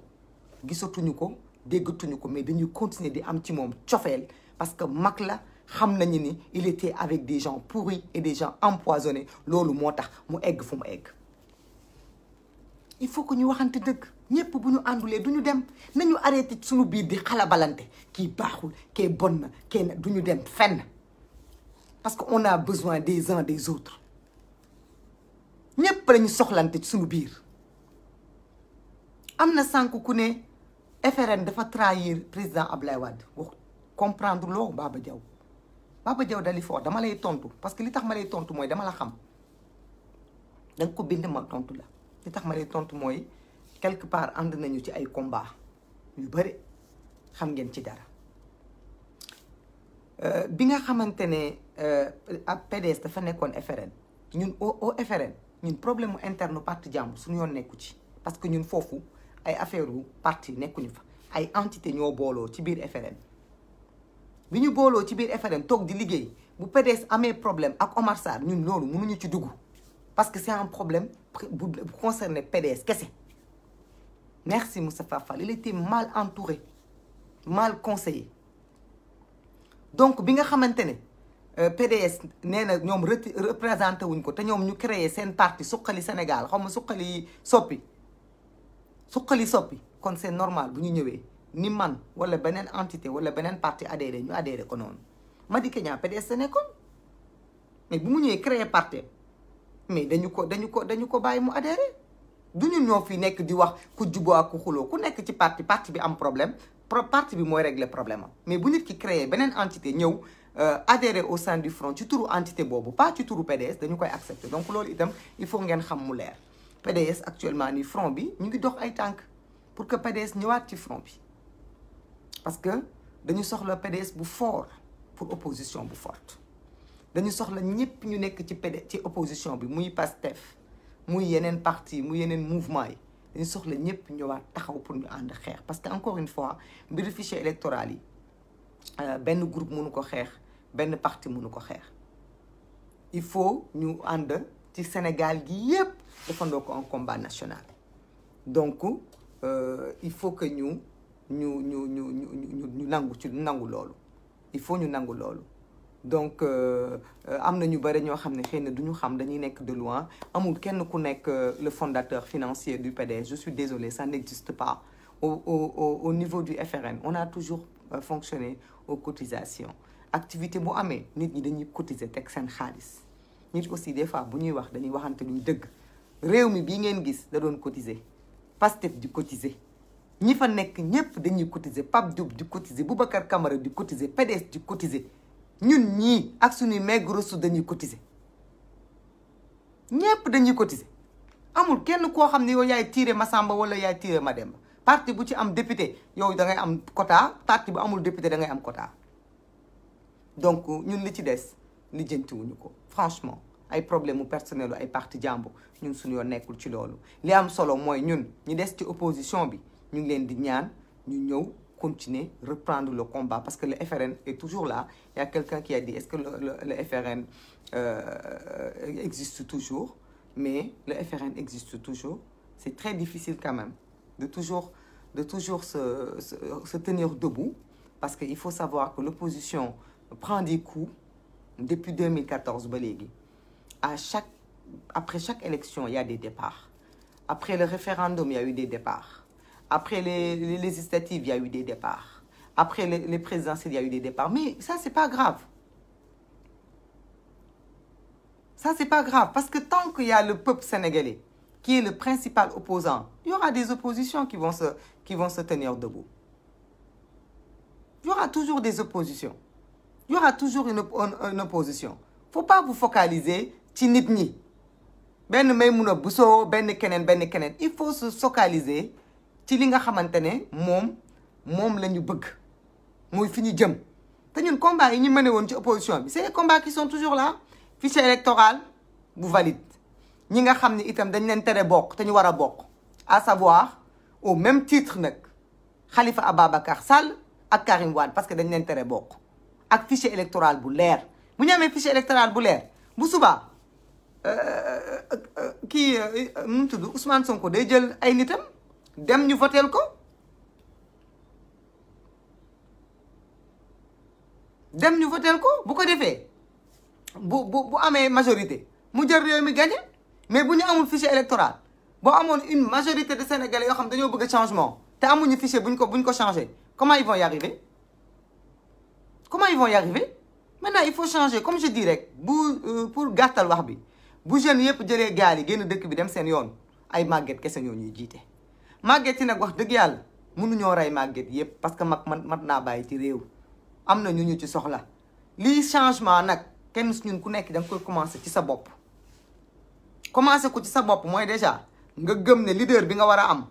gisatuñu ko déggatuñu ko mais dañuy continuer di am ci mom tiofel parce que mag la xam ni il était avec des gens pourris et des gens empoisonnés Lolo monta, mon mu egg fu egg il faut que ñu waxante dëgg ñëpp bu ñu àndulee du nous dem nañu arrêté suñu biir di xalabalante Qui baaxul qui est bonne, qui est, nous dem fenn parce que on a besoin des uns des autres ñëpp lañu soxlante ci suñu biir am na sànq ku ne FRN dafa trahir président Ablaye Wade comprendre l'eau, Baba Diaw Baba Diaw dali fort dama lay parce que li tax ma lay tontu dama la xam ko bind ma tontu la li tax ma lay quelque part ànd nañu ci ay combat yu bëri xam ngeen ci dara euh, bi nga euh, PDS dafa un FRN au FN, FRN ñun problème interne, interne parti suñu parce que ci parce que ñun foofu ay affaire au parti nekkuñu fa ay entité ñoo ci FRN si nous booloo ci biir nous le di a bu PDS nous problème ak Omar Sarr ñun loolu mënuñu ci parce que c'est un problème concerne le PDS merci Moussa il était mal entouré mal conseillé donc bi nga que le PDS nous nous représenté wuñ ko créé parti Sénégal xaw Sopi. suqali soppi c'est normal bu nous ni man wala benen entité wala benen parti adhéré ñu adhéré ko Ma Madické Niang PDS ne nekkoon mais bu mu ñëwee créer parti mais dañu ko dañu ko dañu ko baye mu adhéré du ñun ñoo fi nekk di wax ku juboo ak ku xulo ku nekk ci parti parti bi am problème parti bi moy régler problème mais bu nit ki créer benen entité ñëw euh, adhéré au sein du front ci turu entité bobu pas ci turu PDS dañu koy accepter donc loolu itam il faut ngeen xam mu leer PDS actuellement ni front bi ñu ngi dox ay tank pour que PDS ñëwaat ci front bi parce que dañu le PDS fort pour opposition forte dañu soxla sommes ñu qui PASTEF parti muy mouvement dañu soxla Nous sommes pour nous parce que encore une fois le fichier électoral yi euh, groupe parti nous il faut nous le Sénégal un combat national donc euh, il faut que nous nous ñu ñu ñu ñu nangu il faut ñu nous donc euh, euh, nous ñu de loin amul kenn euh, le fondateur financier du PDS je suis désolé ça n'existe pas au au au niveau du FRN on a toujours fonctionné aux cotisations activité bu amee nit ñi dañuy cotiser Nous Nous aussi des fois nous ñuy wax dañuy waxante Nous cotiser cotiser ñi fa nekk ñëpp dañuy cotiser Pape Diop di cotiser Boubacar Camara di cotiser PDS di cotiser ñun ñii ak suñuy maigre dañuy cotiser ñëpp dañuy cotiser amul kenn koo xam ne yow yaay ma Massamba wala yaay ma dem parti bu ci am député yow da ngay am quota parti bu amul député da ngay am quota donc ñun li ci des lijjantiwuñu ko franchement ay problème mu personnel ay parti jàmbur ñun suñu yoon nekkul ci loolu li am solo mooy ñun ñi des ci opposition bi Nous les continuer continuer reprendre le combat parce que le FRN est toujours là il y a quelqu'un qui a dit est-ce que le FRN euh, existe toujours mais le FRN existe toujours c'est très difficile quand même de toujours de toujours se tenir debout parce qu'il faut savoir que l'opposition prend des coups depuis 2014 à chaque après chaque élection il y a des départs après le référendum il y a eu des départs après les, les, législatives, il y a eu des départs. Après les, les présidentielles, il y a eu des départs. Mais ça, c'est pas grave. Ça, c'est pas grave. Parce que tant qu'il y a le peuple sénégalais, qui est le principal opposant, il y aura des oppositions qui vont se, qui vont se tenir debout. Il y aura toujours des oppositions. Il y aura toujours une, opposition. Il ne faut pas vous focaliser Il faut se focaliser ci li nga xamantene mom mom lañu bëgg moy fiñu jëm té ñun combat yi ñi mëne woon ci opposition bi c'est les combats qui sont toujours là fichier électoral bu valide ñi nga xamni itam dañ leen téré bok té ñu wara bok à savoir au même titre nak Khalifa Ababakar Sall ak Karim Wade parce que dañ leen téré bok ak fichier électoral bu lèr bu ñame fichier électoral bu lèr bu subaa euh, euh, euh, euh, nu mu tudd Ousmane Sonko day jël ay nitam dem ñu votel ko dem ñu votel ko bu ko defee bu bu bu amee majorité mu jël réew mi gagné mais bu ñu amul fichier électoral boo amoon une majorité de sénégalais yoo xam dañoo bëgg changement te amuñu fichier buñ ko buñ ko changé comment ils vont y arriver comment ils vont y arriver maintenant il faut changer comme je dis rek bu euh, pour gàttal wax bi bu jeune yépp jëlee gaal yi génn dëkk bi dem seen yoon ay màgget kese ñoo ñuy jiite. màgget yi nag wax dëgg yàlla mënuñoo rey màgget yëpp parce que mag man mat naa bàyyi ci réew am na ñu ñu ci soxla lii changement nag kenn su ñun ku nekk da nga koy commencé ci sa bopp. commencé ko ci sa bopp mooy déjà nga gëm ne leader bi nga war a am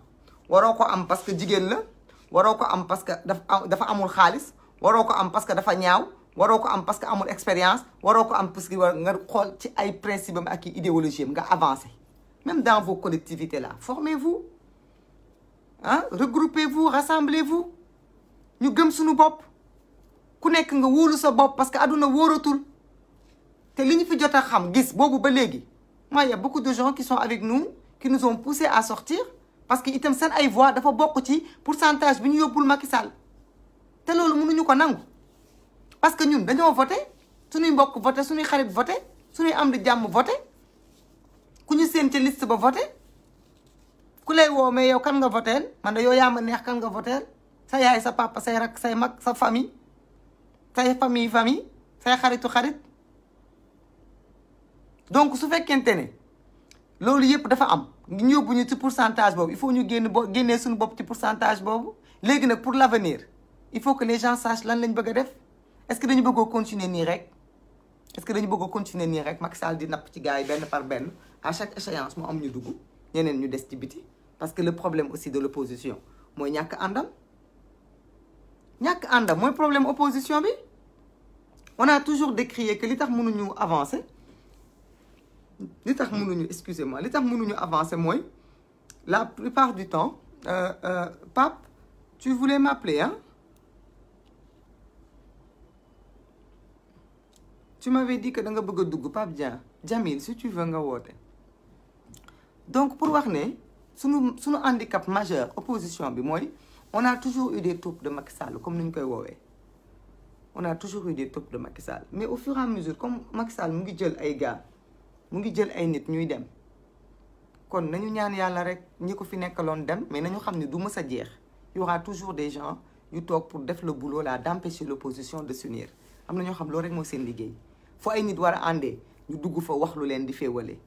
waroo ko am parce que jigéen la waroo ko am parce que dafa amul xaalis waroo ko am parce que dafa ñaaw. waroo ko am parce que amul expérience waroo ko am parce que nga xool ci ay principe am ak i idéologie am nga avancé même dans vos collectivités là Hein? regroupez-vous, rassemblez-vous. Nous sommes tous les gens qui ne sont pas les gens les gens. Et ce que nous savons, c'est ce que nous y a beaucoup de gens qui sont avec nous, qui nous ont poussés à sortir parce qu'ils ont une voix, ils ont beaucoup de pourcentage qui nous ont fait le Makisal. Et ce que nous savons, parce que nous, nous voté, nous avons voté, nous avons voté, nous avons voté, nous avons voté, nous avons voté, nous avons voté, nous avons voté, kulay lay woo yow kan nga voter man da yow yaa ma neex kan nga voter sa yaay sa papa say rak say mak sa famille say famille famille say xaritu xarit donc su fekkente ne loolu yëpp dafa am ñu yóbbu ñu ci pourcentage bobu il faut ñu génn bo suñu bop ci pourcentage bobu légui nak pour l'avenir. il faut que les gens sachent lan lañ bëgg def est ce que dañu bëggoo continuer ni rek est ce que dañu bëggoo continuer ni rek Macky Sall di napp ci gars yi benn par benn à chaque échéance mo am ñu dugg ñeneen ñu dess ci biti parce que le problème aussi de l'opposition mooy problème àndal ñàkk moi le problème opposition bi on a toujours décrié que l'état tax mënuñu avancer L'État ne excusez-moi l'état avancer la plupart du temps euh, euh, Pape tu voulais m'appeler hein tu m'avais dit que da nga bëgg tu dugg Pape Dia si tu veux nga woote donc pour voir suñu suñu handicap majeur opposition bi mooy on a toujours eu des troupes de Macky Sall comme nous ñu koy woowee on a toujours eu des troupes de Macky Sall mais au fur et à mesure comme Macky Sall mu ngi jël ay gars mu ngi jël ay nit ñuy dem kon nañu ñaan yàlla rek ñi fi nekkaloon dem mais nañu xam ne du mës a y aura toujours des gens yu toog pour def le boulot là d'empêcher l'opposition de s'unir am na ñoo xam faut rek mooy seen liggéey foo ay nit war a àndee ñu dugg fa wax lu leen di féewale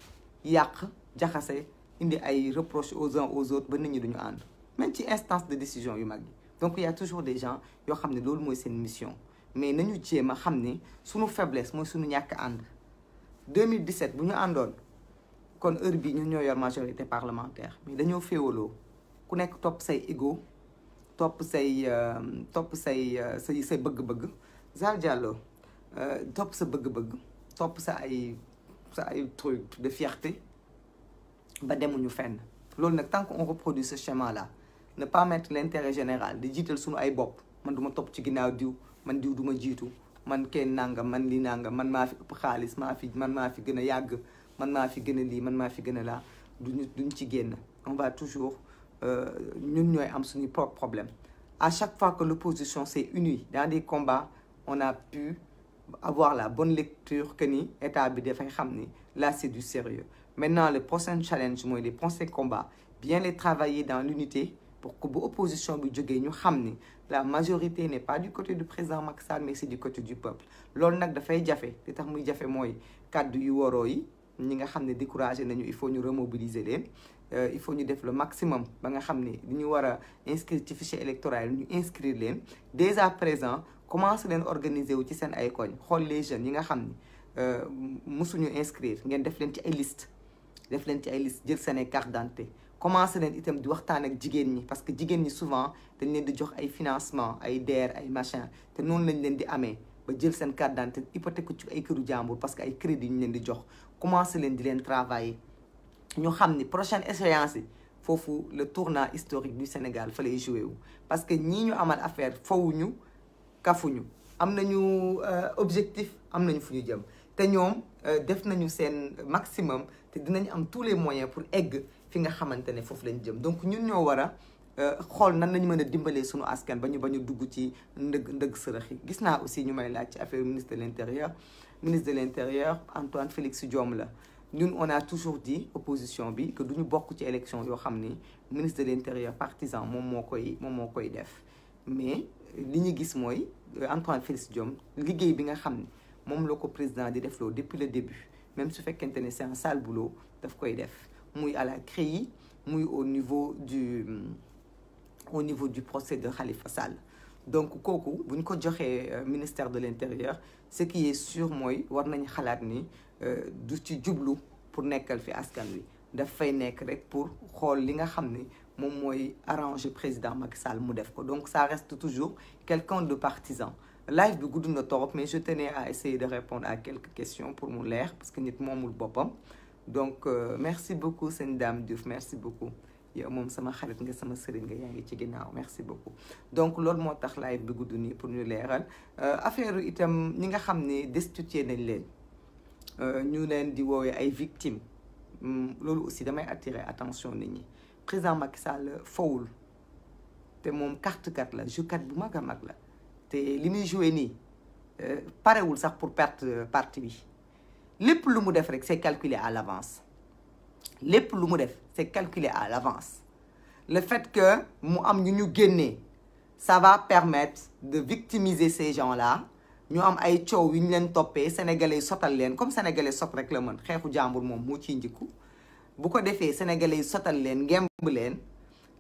yàq jaxase indi ay reproches aux uns aux autres ba nit ñi duñu ànd même ci instance de décision yu mag donc il y a toujours des gens yo xamné ne loolu mooy seen mission mais nañu jéem xamné suñu faiblesse moy suñu ñak ànd 2017 bu ñu àndoon kon heure bi ñun ñoo yor majorité parlementaire mais dañoo féwolo ku nekk top say ego top say euh, top say euh, say say bëgg-bëgg Zale Diallo euh, top sa bëgg-bëgg top sa ay sa ay truc de fierté ba demuñu fenn loolu nag tant que on reproduit ce schéma là ne pas mettre l'intérêt général di jiital suñu ay bopp man du ma topp ci ginnaaw diw man diw du ma jiitu man kenn nangam man li nangam man maa fi ëpp xaalis maa fi man maa fi gën a man maa fi gën a man maa fi gën a laa duñ ci génn on va toujours euh, ñun ñooy am suñu propre problème à chaque fois que l'opposition s'est unie dans des combats on a pu avoir la bonne lecture que ni état bi dafay xam ni là c'est du sérieux Maintenant, le prochain challenge mooy les prochains combat, bien les travailler dans l'unité pour que l'opposition opposition bi la majorité n'est pas du côté du président Macky mais c'est du côté du peuple loolu nag fait, jafe li tax muy jafe mooy kàddu yu waroo yi ñi nga découragé nañu il faut ñu remobiliser Euh, il faut nous def le maximum ba nga xam ne inscrire ci fichier électoral inscrire les dès à présent commencé à organiser ci seen ay les jeunes yi nga xam ne euh, mosuñu inscrire ngeen def faire ci liste def leen ci ay liste jël seen ay carte d'identité commencé itam di waxtaan ak jigéen parce que jigéen souvent dañ leen di jox ay financement ay DER ay machin té non lañ leen di amé ba jël sen carte d'identité hypothèque ci ay këru jambour parce que ay crédit ñu leen di jox commencé len di len travailler ñu xamni prochaine échéance Fofu le tournant historique du Sénégal fallait jouer joué parce que ñi ñu amal affaire fawuñu kafuñu am nañu euh, objectif amnañu fuñu jëm té ñom euh, def nañu sen maximum te dinañ am tous les moyens pour egg fi nga donc ñun ñoo euh, nan askan aussi affaire ministre de l'intérieur ministre de l'intérieur Antoine Félix Diom. la on a toujours dit opposition que duñu bokk ci élection ministre de l'intérieur partisan def mais gis euh, Antoine Félix Diom, liggéey bi président di depuis le début même si fait c'est un sale boulot daf koy def muy à la CREI muy au niveau du mm, au niveau du procès de Khalifa Sall donc koku vous ne ko joxé euh, ministère de l'intérieur ce qui est sur moi war nañ xalaat ni euh, du ci djublu pour nekkal fi askan wi daf fay nek rek pour xol li nga xamni mom moy arranger président Macky Sall mu def ko donc ça reste toujours quelqu'un de partisan live bi gudd na torop mais je tenais à essayer de répondre à quelques questions pour mu leer parce que nit moomul boppam donc euh, merci beaucoup sëñ Dame Diouf merci beaucoup yow moom sama xarit nga sama sëriñ nga yaa ngi ci ginnaaw merci beaucoup donc loolu moo tax live bi gudd nii pour ñu leeral euh, affaire itam ñi nga xam ne destitué nañ leen euh, ñu leen di woowee ay victimes hmm, loolu aussi damay attirer attention nit ñi président Macky Sall fawul te moom carte la joukat bu mag a mag la te li muy joué nii euh, parewul sax pour perdre euh, partie bi lépp lu mu def rek c'est calculé à l'avance lépp lu mu def c'est calculé à l'avance le fait que mu am ñu ñu génnee ça va permettre de victimiser ces gens-là ñu am ay coow yu ñu leen toppee sénégalais yi sotal leen comme sénégalais sot rek la mën xeexu jàmbur moom moo ciy njëkku bu ko defee sénégalais yi sotal leen ngemb leen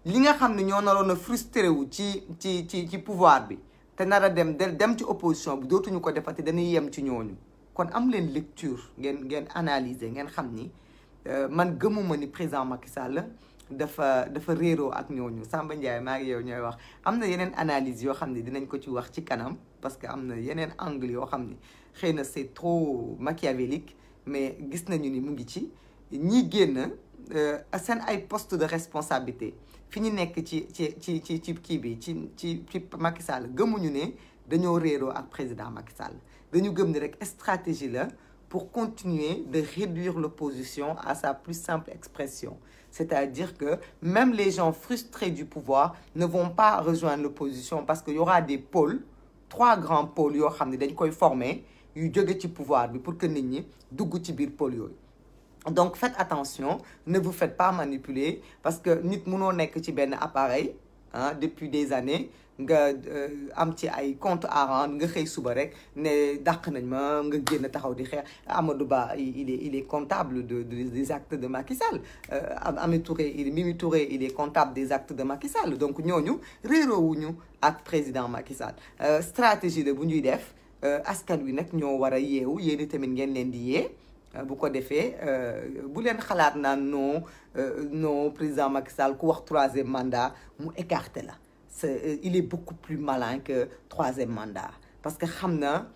li nga xam ñoo naroon frustré wu ci ci ci ci pouvoir bi te nar dem dem ci opposition bi dootuñu ko defati dañuy yem ci ñooñu kon am leen lecture ngeen ngeen analyser ngeen xam ni euh, man gëmuma ni président Macky Sall dafa dafa réeroo ak ñooñu Samba Ndiaye maa ngi yow ñooy wax am na analyse yoo xam ne dinañ ko ci wax ci kanam parce que am na yeneen angle yoo xam ne trop machiavélique mais gis nañu ni mu ngi ci ñi génn euh, ay poste de responsabilité Fini nek ci ci ci ci ki bi ci ci ci Macky Sall gëmuñu né dañoo réro ak président Macky Sall dañu gëm stratégie la pour continuer de réduire l'opposition à sa plus simple expression c'est-à-dire que même les gens frustrés du pouvoir ne vont pas rejoindre l'opposition parce qu'il y aura des pôles trois grands pôles qui vont dañ koy former le pouvoir bi pour que nit ñi dugg ci pôle donc faites attention ne vous faites pas manipuler parce que nit mënoo nek ci ben appareil hein, depuis des années nga euh, am ci ay compte à rendre nga xey suba rek ne dàq nañ ma nga génn taxaw di xeex Amadou Ba il est il est comptable de des actes de Macky Sall euh, Touré il Mimi Touré il est comptable des actes de Macky Sall donc ñooñu wuñu ak président Macky Sall euh, stratégie de buñuy def euh, askan wi nak ñoo wara a yeewu tamit ngeen leen di euh, bu ko defee euh, bu leen xalaat naan non euh, non président Macky Sall ku wax troisième mandat mu écarté la c'est il est beaucoup plus malin que troisième mandat parce que xam na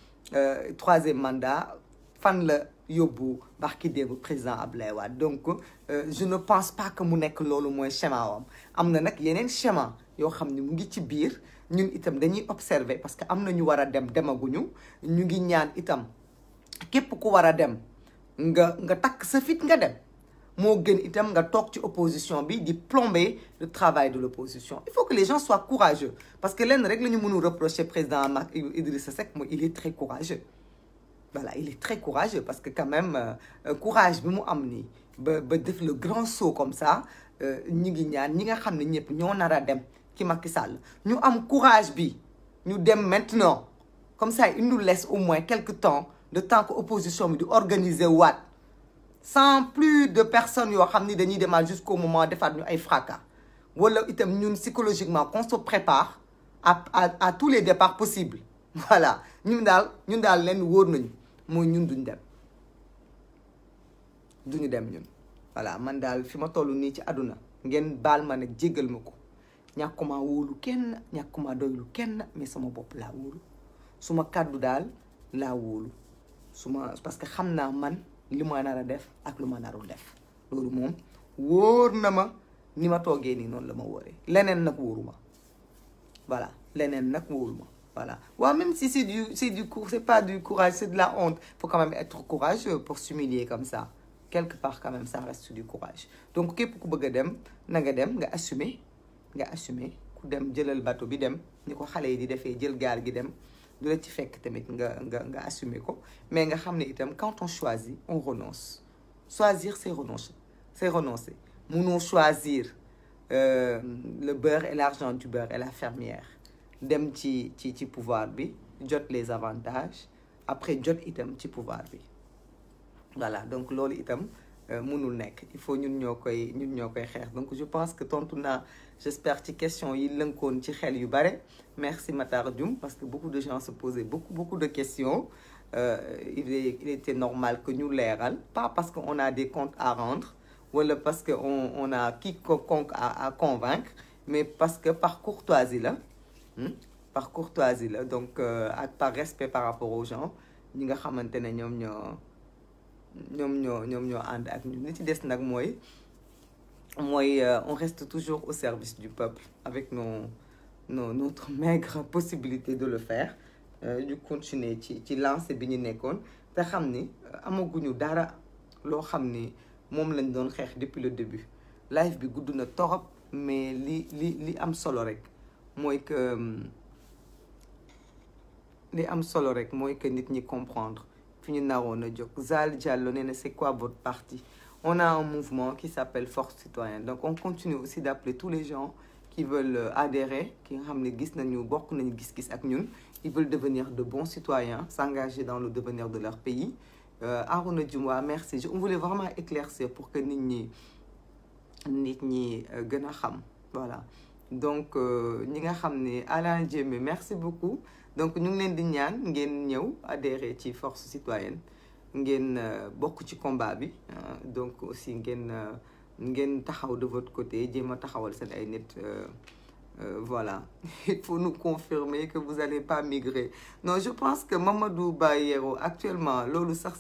troisième mandat fan la yóbbu barki démb président Ablaye Wade donc je ne pense pas que mu nekk loolu mooy schéma wam am na nag yeneen schéma yoo xam ne mu ngi ci biir ñun itam dañuy observer parce que am na ñu war a dem demaguñu ñu ngi ñaan itam képp ku war a dem nga nga tak sa fit nga dem mo gën itam nga à ci opposition bi di plomber le travail de l'opposition il faut que les gens soient courageux parce que l'en rek la ñu mënu reprocher président Mac Idrissa Seck mo il est très courageux voilà il est très courageux parce que quand même euh, euh, courage bi mu am ni ba def le grand saut comme ça euh, ñi ngi ñaan ñi nga xamni ne ñoo a dem ci Macky Sall ñu am courage bi ñu dem maintenant comme ça il nous laisse au moins quelque temps de temps qu'opposition, opposition sans plus de personnes qui xam dañuy mal jusqu'au moment de ñu ay fracas wala psychologiquement qu'on se prépare à à tous les départs possibles [laughs] voilà nous, nous, nous, nous, nous, nous, nous, nous, ñun duñ nous, duñu dem ñun voilà man nous, fima tollu ni ci aduna ngeen bal ma nous mako ñakuma Nous kenn ñakuma doylu kenn mais sama bop suma su parce que xamna man li ma nar def ak luma ma narul def loolu mom wornama ni ma toogee nii non, la ma woré lenen nak woruma voilà lenen nak woruma voilà waaw même si c'est du c'est du c'est pas du courage c'est de la honte faut quand même être courageux pour s'humilier comme ça quelque part quand même ça reste du courage donc képp pou beug dem na nga dem nga assumer nga assumer ku dem jëlal bateau bi dem ni ko xale yi di defee jël gar gi dem lu ci fekk tamit nga nga nga assumer ko mais nga xam quand on choisit on renonce choisir c'est renoncer c'est renoncer munoo choisir euh, le beurre et l'argent du beurre et la fermière dem ci ci ci pouvoir bi jot les avantages après jot itam ci pouvoir bi voilà donc loolu itam euh, mënul nekk il faut ñun ñoo koy ñun ñoo koy donc je pense que tontu naa j'espère ci question yi lënkoon ci xel yu merci Matar parce que beaucoup de gens se posaient beaucoup beaucoup de questions euh, il était normal que nous leeral pas parce qu'on a des comptes à rendre ou parce que on on a quiconque à à convaincre mais parce que par courtoisie hmm, par courtoisie donc euh, par respect par rapport aux gens nous nga xamante ne ñoom ñom ñoo ñom ñoo and ak ñu ci dess nak moy moy euh, on reste toujours au service du peuple avec nos nos notre [laughs] maigre possibilité de le faire du euh, continuer ci ci lancer bi ñu nekkoon te xamni euh, amaguñu dara lo xamni mom lañ doon xex depuis le début life bi gudduna torop mais li li li am solo rek moy que hum, li am solo rek moy que nit ñi comprendre c'est quoi votre parti on a un mouvement qui s'appelle Force Citoyenne donc on continue aussi d'appeler tous les gens qui veulent euh, adhérer qui ils veulent devenir de bons citoyens s'engager dans le devenir de leur pays euh, Aruna merci on voulait vraiment éclaircir pour que nous nous euh, voilà donc nous nga Alain merci beaucoup donc nous ngi ñaan ngeen force citoyenne ngeen euh, bokku ci combat euh, donc aussi ngeen euh, de votre côté voilà [laughs] il faut nous confirmer que vous n'allez pas migrer non je pense que Mamadou Bayero actuellement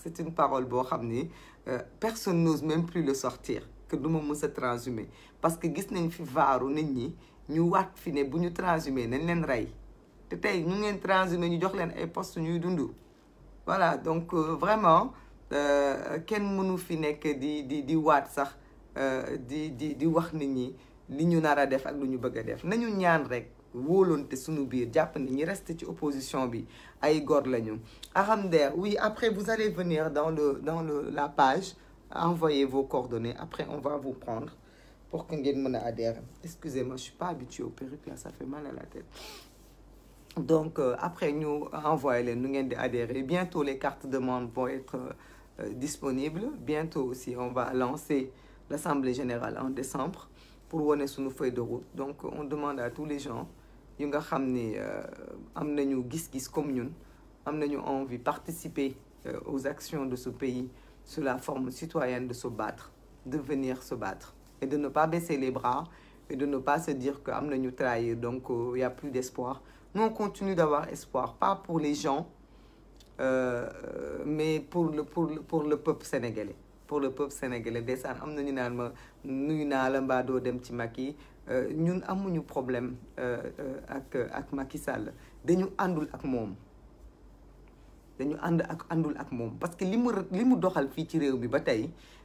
c'est une parole que personne n'ose même plus le sortir que nous ma se parce que gis nañ nous, tey ñu ngeen transhumé ñu jox leen ay poste ñuy voilà donc euh, vraiment euh, kenn mënu fi nekk di di di waat sax euh, di di di wax nit ñi li ñu nar a def ak lu ñu bëgg def nañu ñaan rek wóolonte suñu biir jàpp ni ñi reste ci opposition bi ay lañu Aramder oui après vous allez venir dans le dans le la page envoyez vos coordonnées après on va vous prendre pour que gagne mën Adère. excusez-moi je suis pas habituée au perruque ça fait mal à la tête donc euh, après nous envoyer les nous adhérer bientôt les cartes de demande vont être euh, disponibles bientôt aussi on va lancer l'assemblée générale en décembre pour sur nos feuille de route donc on demande à tous les gens yu nga xam euh, gis-gis comme envie participer aux actions de ce pays sous la forme citoyenne de se battre de venir se battre et de ne pas baisser les bras et de ne pas se dire que nous trahir donc il y a plus d'espoir nous, on continue d'avoir espoir, pas pour les gens, euh, mais pour le, pour, le, pour le peuple sénégalais. Pour le peuple sénégalais. nous avons na ñu naan ma nuyu naa la mbaa Nous dem ci Macky euh, ñun problème euh, ak ak Macky Sall dañu andul ak mom, ak parce que ce qui nous mu doxal fii ci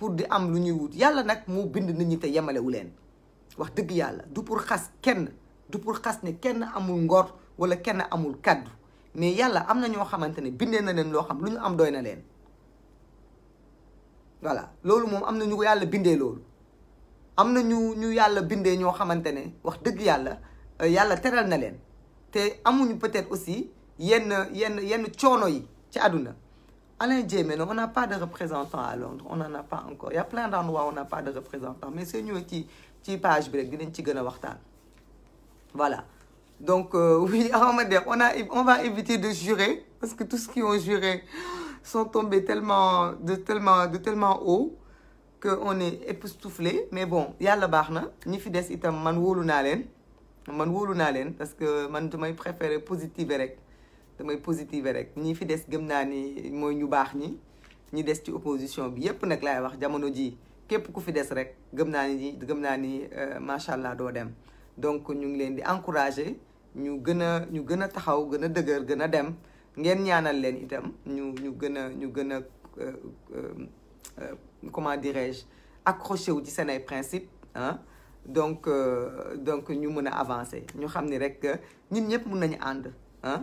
pour di am lu ñuy wut yàlla nag moo bind nañu ñi te yemalewu leen wax dëgg yàlla du pour xas kenn du pour xas ne kenn amul ngor wala kenn amul kàddu mais yàlla am na ñoo xamante ne bindee na leen loo xam lu ñu am doy na leen voilà loolu moom am na ñu ko yàlla bindee loolu am na ñu ñu yàlla bindee ñoo xamante ne wax dëgg yàlla euh, yàlla teral na leen te amuñu peut-être aussi yenn yenn yenn coono yi ci àdduna Alain Djemeno, on n'a pas de représentant à Londres, on n'en a pas encore. Il y a plein d'endroits où on n'a pas de représentant, mais c'est nous qui, qui page break, Voilà. Donc, euh, [laughs] oui, on, va éviter de jurer, parce que tous ceux qui ont juré sont tombés tellement, de, tellement, de tellement haut qu'on est époustouflé. Mais bon, il y a le barna. Ni fides itam man wolu nalen. Man parce que je préfère positive damay positive rek ñi fi des gëm naa ni mooy ñu bax ñi ñi des ci opposition bi yépp ne lay wax jamono ji képp ku fi dess rek gëm naa ni gëm naa ni euh, dem donc ñu ngi leen di encourager ñu gëna ñu gëna taxaw gëna dëgër dem ngeen ñaanal leen itam ñu ñu gëna ñu gëna euh, euh, comment dirais-je accroché wu ci seen ay principe hein donc donc ñu mën a avancer ñu xam ni rek ñun ñëpp mën nañu ànd ah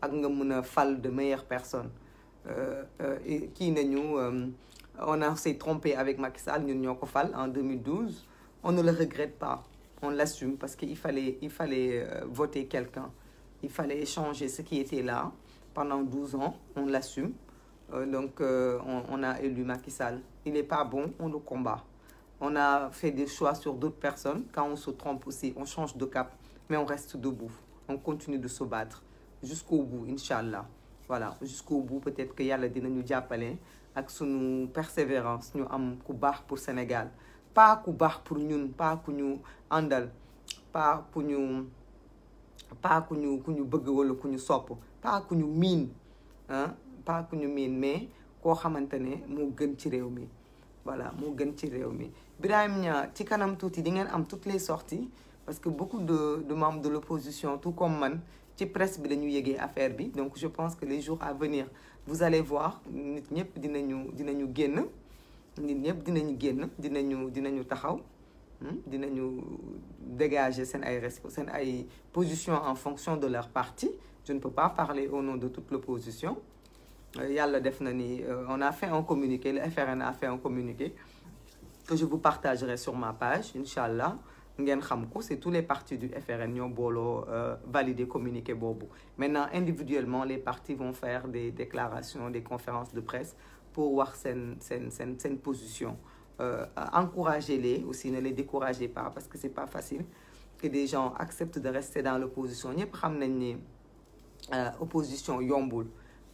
ak de meilleures personnes euh, euh, euh, on a s'est trompé avec Macky Sall ko en 2012 on ne le regrette pas on l'assume parce qu'il fallait il fallait voter quelqu'un il fallait échanger ce qui était là pendant 12 ans on l'assume donc on, on, a élu Macky Sall il n'est pas bon on le combat on a fait des choix sur d'autres personnes quand on se trompe aussi on change de cap mais on reste debout on continue de se battre jusqu'au bout inchallah voilà jusqu'au bout peut-être que yàlla dinañu jàppale avec sunu persévérance nous am ku baax pour Sénégal pas ku baax pour nous, pas pour nous andal, pas pour nous, pas pour nous, ku ñu bëgg wala ku ñu pas pour nous min, ah hein, pas pour nous min mais quoi que maintenant, nous gën ci réew voilà nous gën ci réew mi Birahim Nia ci kanam tout di ngeen am toutes les sorties parce que beaucoup de de membres de l'opposition tout comme man ci presse bi la yëgee affaire bi donc je pense que les jours à venir vous allez voir nit allons dinañu dinañu génn nit ñëpp dinañu génn dinañu dinañu taxaw hmm, dinañu dégager seen ay ay en fonction de leur parti je ne peux pas parler au nom de toute l'opposition euh, def na ni euh, on a fait un communiqué le FRN a fait un communiqué que je vous partagerai sur ma page Inch'Allah c'est tous les partis du FRN ont validé valider communiqué boobu maintenant individuellement les partis vont faire des déclarations des conférences de presse pour voir cette position euh, encouragez-les aussi ne les découragez pas parce que c'est pas facile que des gens acceptent de rester dans l'opposition ñëpp xam nañ ni euh, opposition yombul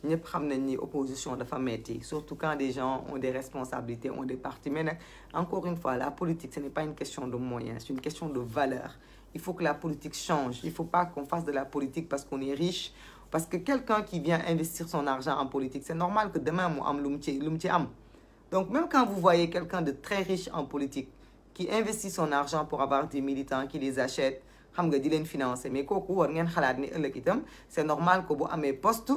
ni l'opposition ni opposition de metti surtout quand des gens ont des responsabilités ont des partis mais encore une fois la politique ce n'est pas une question de moyens c'est une question de valeur il faut que la politique change il faut pas qu'on fasse de la politique parce qu'on est riche parce que quelqu'un qui vient investir son argent en politique c'est normal que demain il am ait donc même quand vous voyez quelqu'un de très riche en politique qui investit son argent pour avoir des militants qui les achètent financer mais c'est normal que bu un poste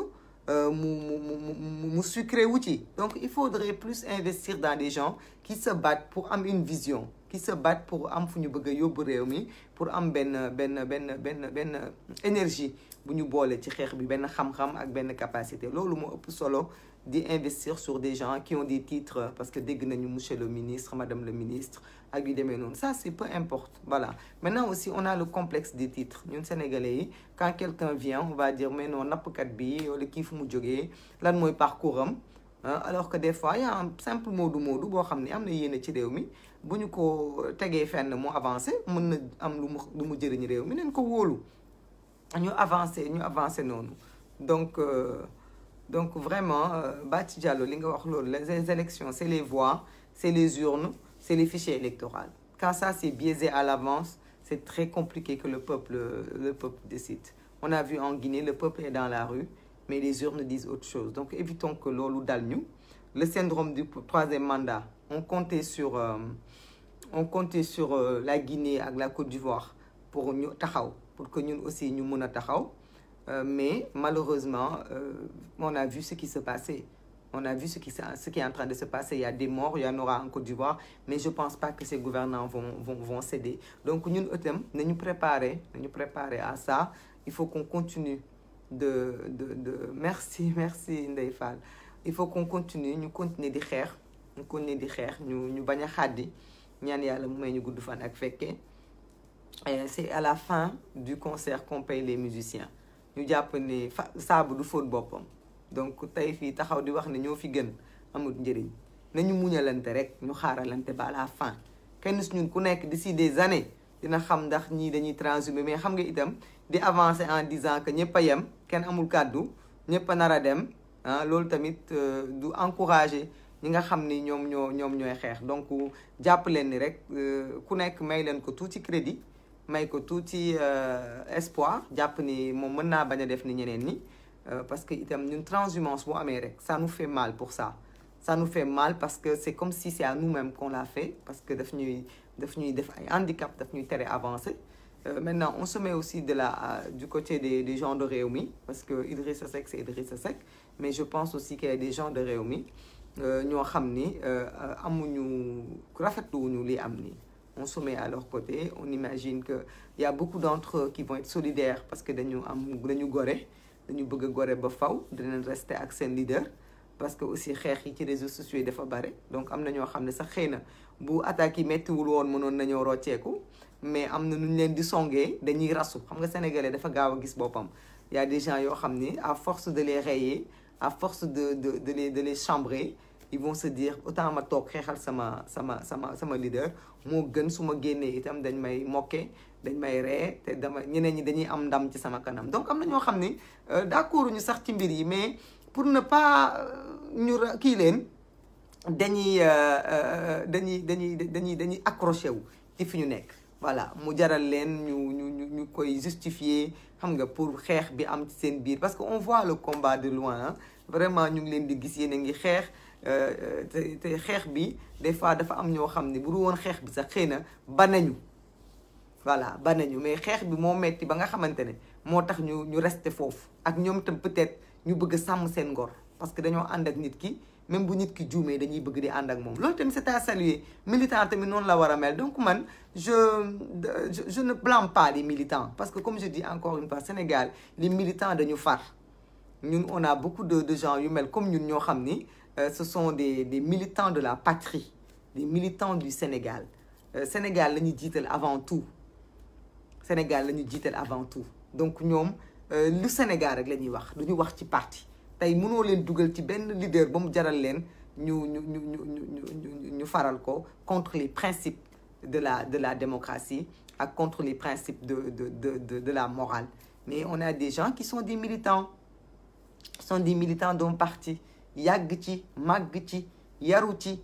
euh, mu sucré wu ci donc il faudrait plus investir dans des gens qui se battent pour am une vision qui se battent pour am fu ñu bëgg mi pour am ben ben ben ben énergie bu ñu boole ci xeex bi ben xam-xam ak benn capacité loolu moo ëpp solo d'investir sur des gens qui ont des titres parce que dès que nous sommes chez le ministre, madame le ministre, ça c'est peu importe. Voilà. Maintenant aussi, on a le complexe des titres. Nous Sénégalais, quand quelqu'un vient, on va dire mais non, n'a pas le kiff moujogé, là nous parcours hein? alors que des fois il y a un simple mot mot, modou mot xamné amna il y a mi buñu ko tégué fenn mo avancer mën na am lu mu jëriñ mot mi mot, ko wolu ñu avancer Nous avancer non donc euh, donc vraiment euh, Bati Diallo les élections c'est les voix c'est les urnes c'est les fichiers électoraux quand ça c'est biaisé à l'avance c'est très compliqué que le peuple décide on a vu en Guinée le peuple est dans la rue mais les urnes disent autre chose donc évitons que l'on dal le syndrome du troisième mandat on comptait sur euh, on sur euh, la Guinée avec la Côte d'Ivoire pour pour que nous aussi nous mën euh, mais malheureusement, euh, on a vu ce qui se passait. On a vu ce qui, ce qui est en train de se passer. Il y a des morts, il y en aura en Côte d'Ivoire, mais je ne pense pas que ces gouvernants vont, vont, céder. Donc, nous, nous nous préparer, nous préparer à ça. Il faut qu'on continue de, de, [laughs] Merci, merci, Ndeifal. Il faut qu'on continue, nous continuons de faire, nous continuons de faire, nous nous bagner ñaan Nous mu may ñu c'est à la fin du concert qu'on paye les musiciens ñu jàpp ni fa saabu du fóot boppam donc tey fii taxaw di wax ne ñoo fi gën amul njëriñ nañu muñalante rek ñu xaaralante ba à kenn su ñun ku nekk di si des années dina xam ndax ñii dañuy transhumé mais xam nga itam di avancer en disant que ñëpp a yem kenn amul kàddu ñëpp a nar a dem ah loolu tamit euh, du encourager ñi nga xam ni ñoom ñoo ñoom ñooy xeex donc jàpp leen ni rek euh, ku nekk may leen ko ci crédit Mais tout tuuti euh, espoir jàpp ni moom mën def ni ñeneen ni euh, parce que itam transhumance bu Amérique, ça nous fait mal pour ça ça nous fait mal parce que c'est comme si c'est à nous-mêmes qu'on l'a fait parce que daf ñuy daf ñuy def ay handicap daf ñuy téré euh, maintenant on se met aussi de la du côté des des gens de Réumi, parce que Idrissa c'est Idrissa sec mais je pense aussi qu'il y a des gens de réumi ñoo nous ni amuñu rafetluwuñu nous les amené on se met à leur côté. On imagine qu'il y a beaucoup d'entre eux qui vont être solidaires parce que nous sommes gore, nous sommes gore nous rester avec leader. Parce que aussi, xeex ci réseaux sociaux dafa donc am ñoo xam sa sax vous bu des choses, méttiwul ont mënoon mais am ñu ont di dañuy xam nga sénégalais dafa ont a il y a des gens à force de les rayer à force de de les de les chambrer ils vont se dire autant ma tok xéxal sama sama sama sama leader mo gën suma ma itam dañ may moqué dañ may ré té dama ñeneen ñi dañuy am ndam ci sama kanam donc am na ñoo xam euh, d'accord ñu sax ci mbir yi mais pour ne pas euh, ñu ki leen dañuy euh, dañuy dañuy dañuy dañuy accroché wu ci fi ñu nekk voilà mu jaral leen ñu ñu ñu koy justifier xam nga pour xeex bi am ci seen biir parce que on voit le combat de loin hein. vraiment ñu ngi leen di gis yéen a ngi xeex euh, euh, te xeex bi des fois dafa am ñoo xam ne bu dul woon xeex bi sax xëy na ba nañu voilà ba nañu mais xeex bi moo metti ba nga xamante ne moo tax ñu ñu rester foofu ak ñoom tam peut-être ñu bëgg a sàmm seen ngor parce que dañoo ànd ak nit ki même bu nit ki juumee dañuy bëgg di ànd ak moom loolu tamit c'est à saluer militant tamit noonu la war a mel donc man je je ne blâme pas les militants parce que comme je dis encore une fois Sénégal les militants dañu far ñun on a beaucoup de de gens yu mel comme ñun ñoo xam ni euh, ce sont des, des, militants de la patrie, des militants du Sénégal. Le euh, Sénégal, nous dit avant tout. Sénégal nous dit avant tout. Donc sommes euh, le Sénégal rek la dit, wax wax ci parti tey mënoo leen ci leader ba mu jaral leen ñu ñu ñu contre les principes de la de la démocratie ak contre les principes de de de de de la morale mais on a des gens qui sont des militants sont des militants d'un parti yàgg ci màgg ci yaru ci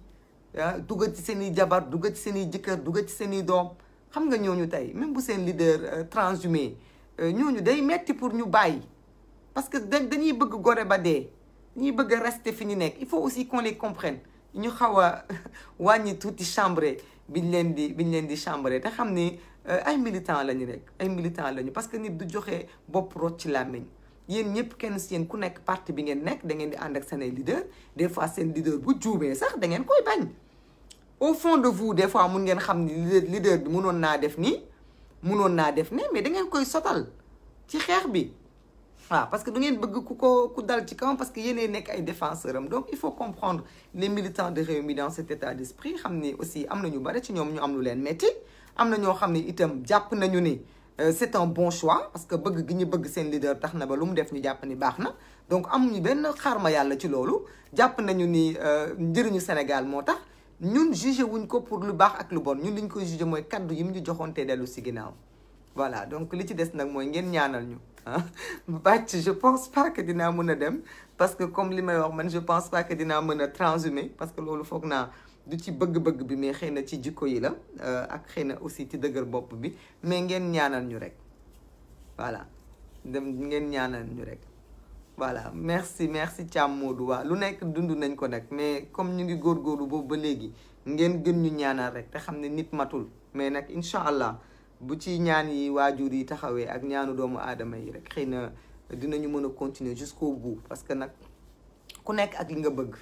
ah, dugal ci jabar dugal seni seen i seni dom xam nga ñooñu tay même bu seen leader euh, transhumé euh, ñooñu day metti pour ñu bàyyi parce que dañuy bëgg goré ba dé ñi bëgg rester fini nek il faut aussi qu'on les comprenne ñu xawa [laughs] wañi touti chambre biñ leen di biñ leen di chambre té xam euh, ay militant lañu rek ay militant lañu parce que nit du joxé bop rot ci làmmiñ yéen ñëpp kenn si yéen ku nekk parti bi ngeen nekk da ngeen di ànd ak seen leader des fois seen leader bu juumee sax da ngeen koy bañ au fond de vous des fois mun ngeen xam ni leader bi munoon naa def nii munoon naa def ne mais da ngeen koy sotal ci xeex bi waaw parce que du ngeen bëgg ku ko ku dal ci kawam parce que yéenee nekk ay défenseur am donc il faut comprendre les militants de Rewmi dans cet état d'esprit xam ni aussi am na ñu bari ci ñoom ñu am lu leen metti am na ñoo xam ne itam jàpp nañu ni euh, c'est un bon choix parce que bëgg leader tax ba lu def ñu ni donc amuñu benn xarma yàlla ci nañu ni euh, Sénégal tax jugé pour lu ak lu bon ñun jugé kaddu ñu voilà donc li ci ngeen ñaanal ñu ah. [laughs] je pense pas que dinaa dem parce que comme li may wax man je pense pas que dina mën a transhumer parce que lolu foog naa du ci bëgg-bëgg bi mais xeyna ci jikko yi la euh, ak xeyna aussi ci dëgër bop bi mais ngeen ñaanal ñu rek voilà dem ngeen ñaanal ñu rek voilà merci merci Thiam Modou wa lu nekk dund nañ ko nek mais comme ñu ngi gor góorgóorlu boobu ba léegi ngeen gën ñu ñaanal rek te xam nit matul mais nak inshallah bu ci ñaan yi waajur yi taxawee ak ñaanu doomu aadama yi rek xeyna dinañu mëna continuer jusqu'au bout parce que nak ku nekk ak li nga bëgg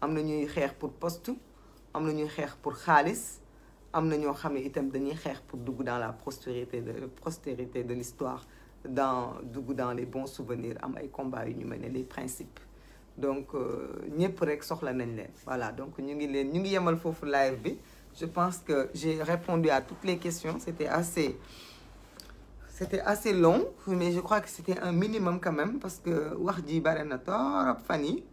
amna ñuy xeex pour poste amna ñuy xeex pour xaalis amna na ñoo xam itam dañuy pour dugg dans la prospérité de la prospérité de l'histoire dans dugg dans les bons souvenirs am ay combats yu ñu les principes donc euh, ñepp rek soxla nañ leen voilà donc ñu ngi leen ñu ngi yemal fofu live bi je pense que j'ai répondu à toutes les questions c'était assez c'était assez long mais je crois que c'était un minimum quand même parce que wax ji bare na torop fan yi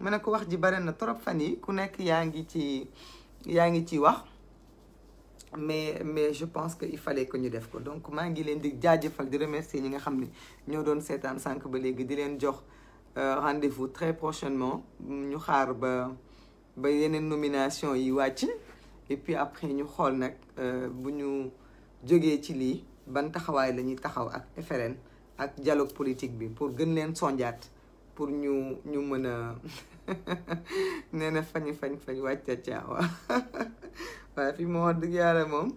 ma ne wax ji bare na torop ku nekk yaa ci ci wax mais mais je pense que il fallait que ñu def ko donc maa ngi leen di jaajëfal di remercier ñi nga xam ne ñoo doon seetaan sànq ba léegi di leen jox euh, rendez-vous très prochainement ñu xaar ba ba nomination yi et puis après ñu xool nag euh, bu ñu jógee ci ban taxaway lañuy taxaw ak FRN ak dialogue politique bi pour gën leen sonjat pour ñu ñu mëna néna [laughs] nee fañ fañ fañ wàcca caawa wa fi mo wax dëgg mom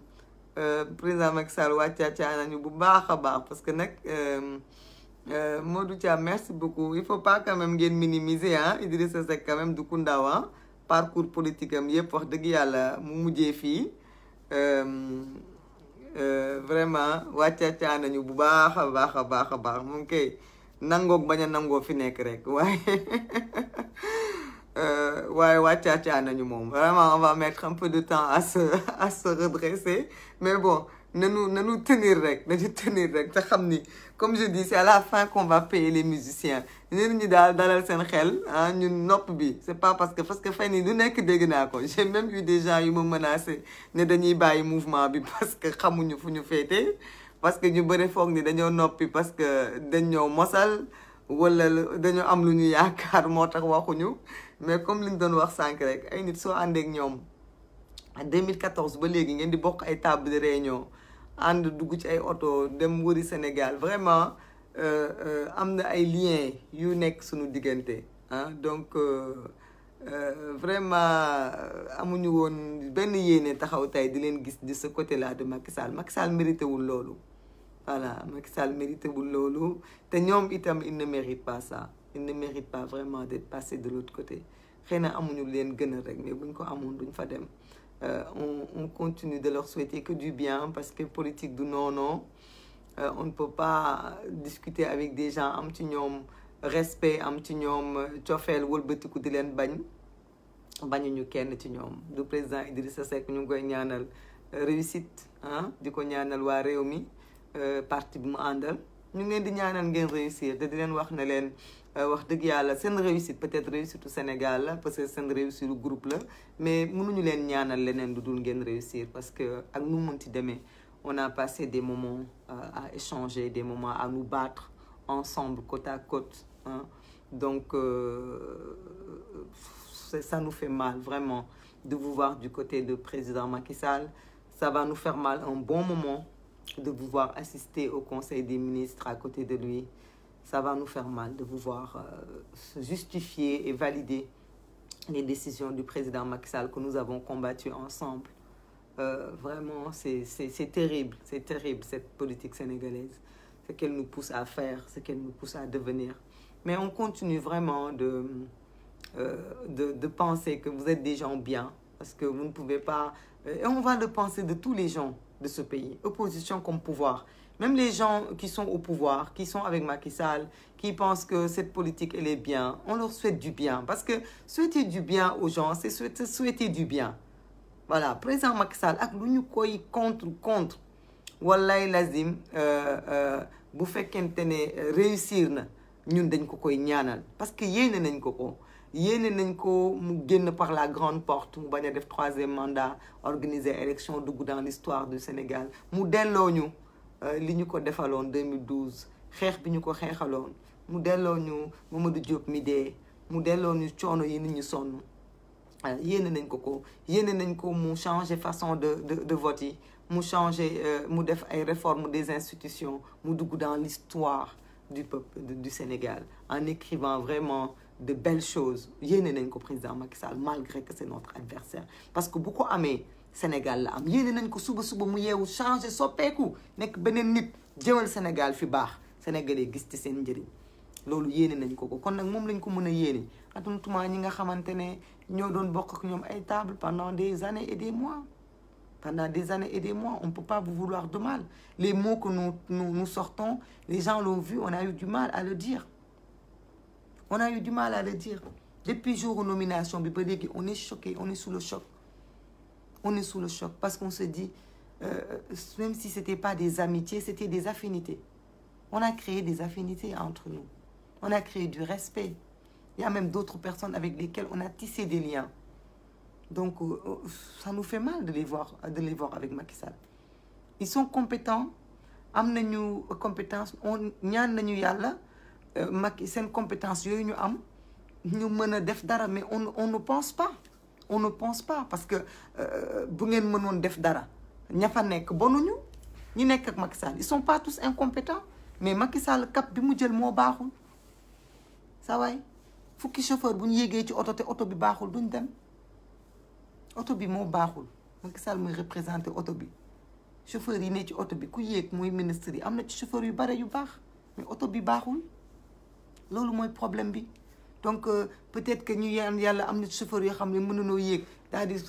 euh président Macky Sall wàcca caa nañu bu baaxa a baax parce que nak euh euh Modou Tia merci beaucoup il faut pas quand même ngeen minimiser ah Idrissa Seck quand même du ku ndaw parcours politique am yépp wax dëgg yàlla mu mujjee fii. Euh, Euh, vraiment wàccacaa nañu bu baax a baax a baax a baax moom kay nangoog bañ a nangoo fi nekk rek waaye [laughs] euh, waaye wàccacaa nañu moom vraiment on va mettre un peu de temps à se à se redresser mais bon nous tenons avec nous, nous tenons avec nous. Comme je dis, c'est à la fin qu'on va payer les musiciens. Nous sommes dans le la salle, nous sommes dans train de Ce n'est pas parce que nous sommes en train J'ai même vu des gens qui me menacent de nous faire des mouvements parce que nous sommes en train de nous faire. Parce que nous sommes en train de nous faire des choses. Parce que nous sommes en train de nous faire des choses. Mais comme nous nous sommes en train de nous faire nous sommes en train de nous faire des choses. En 2014, nous avons une étape de réunion ànd dugg ci ay auto, dem wuri Sénégal vraiment euh, euh amna ay liens yu nek suñu diggante hein donc euh, euh, vraiment amuñu won ben yéné taxaw tay di leen gis de ce côté là de Macky Sall Macky Sall mérité wul lolu voilà Macky Sall mérité wul lolu té ñom itam il ne mérite pas ça il ne mérite pas vraiment d'être passé de l'autre côté xëy amuñu leen gëna rek mais buñ ko amoon duñ fa dem euh, on, continue de leur souhaiter que du bien parce que politique du non non euh, on ne peut pas discuter avec des gens qui ci respect am ci ñoom euh, cofeel wëlbatiku di leen bañ bañuñu kenn ci ñoom du président Idrissa Seck réussite hein, parti réussir euh, wax une yalla sen réussite peut-être réussite au Sénégal parce que une réussite groupe là mais mënuñu len ñaanal pas lu dul ngeen réussir parce que ak nu munti on a passé des moments euh, à échanger des moments à nous battre ensemble côte à côte hein. donc euh, ça nous fait mal vraiment de vous voir du côté de président Macky Sall ça va nous faire mal un bon moment de vous voir assister au conseil des ministres à côté de lui ça va nous faire mal de vous voir euh, justifier et valider les décisions du président Maxal que nous avons combattues ensemble. Euh, vraiment, c'est terrible, c'est terrible cette politique sénégalaise, ce qu'elle nous pousse à faire, ce qu'elle nous pousse à devenir. Mais on continue vraiment de, euh, de, de, penser que vous êtes des gens bien, parce que vous ne pouvez pas... Et on va le penser de tous les gens de ce pays, opposition comme pouvoir. Même les gens qui sont au pouvoir, qui sont avec Macky Sall, qui pensent que cette politique, elle est bien, on leur souhaite du bien. Parce que souhaiter du bien aux gens, c'est souhaiter, du bien. Voilà, président Macky Sall, ak lu koy contre contre Wallahi lazim euh, euh, bu fekkente réussir na ñun dañ ko koy ñaanal parce que yéene nañ ko ko yéene nañ par la grande porte mu bañ fait le troisième mandat organiser élection dans l'histoire du Sénégal mu delloo euh, li ñu ko en 2012 xeex bi ñu ko xeexaloon mu delloo ñu Mamadou Diop mi dee mu delloo ñu coono yi nit ñi sonn euh, yéene nañ ko ko yéene nañ ko mu changer façon de de de vote yi mu changer euh, mu def ay réformes des institutions mu dugg dans l'histoire du peuple du Sénégal en écrivant vraiment de belles choses yéene nañ ko président Macky malgré que c'est notre adversaire parce que beaucoup ko Sénégal la am yéene nañ ko suba suba mu yeewu changé soppeeku nekk beneen nit jëmal Sénégal fi baax sénégalais gis ci seen njëriñ loolu yéné nañ ko ko kon nak mom lañ ko mëna a yéene ñi nga xamante ñoo doon bokk ak ñom ay table pendant des années et des mois pendant des années et des mois on ne peut pas vous vouloir de mal les mots que nous nous sortons les gens l'ont vu on a eu du mal à le dire on a eu du mal à le dire depuis jour nomination bi ba légui on est choqué on est sous le choc on est sous le choc parce qu'on se dit, euh, euh, même si ce n'était pas des amitiés, c'était des affinités. On a créé des affinités entre nous. On a créé du respect. Il y a même d'autres personnes avec lesquelles on a tissé des liens. Donc, euh, ça nous fait mal de les voir, de les voir avec Macky Ils sont compétents. Ils compétence on une compétence am mais on ne pense pas on ne pense pas parce que euh, bu ngeen def dara Macky Sall ils sont pas tous incompétents mais Macky Sall cap bi mu jël baaxul les chauffeurs chauffeur buñ yégué ci ils té auto bi baaxul duñ dem Macky Sall chauffeur yi ne ci auto bi ku ministre yi ci chauffeur yu bare yu baax mais bi problème bi donc euh, peut-être que nous avons des am qui nous ont dit ne mënunoo dire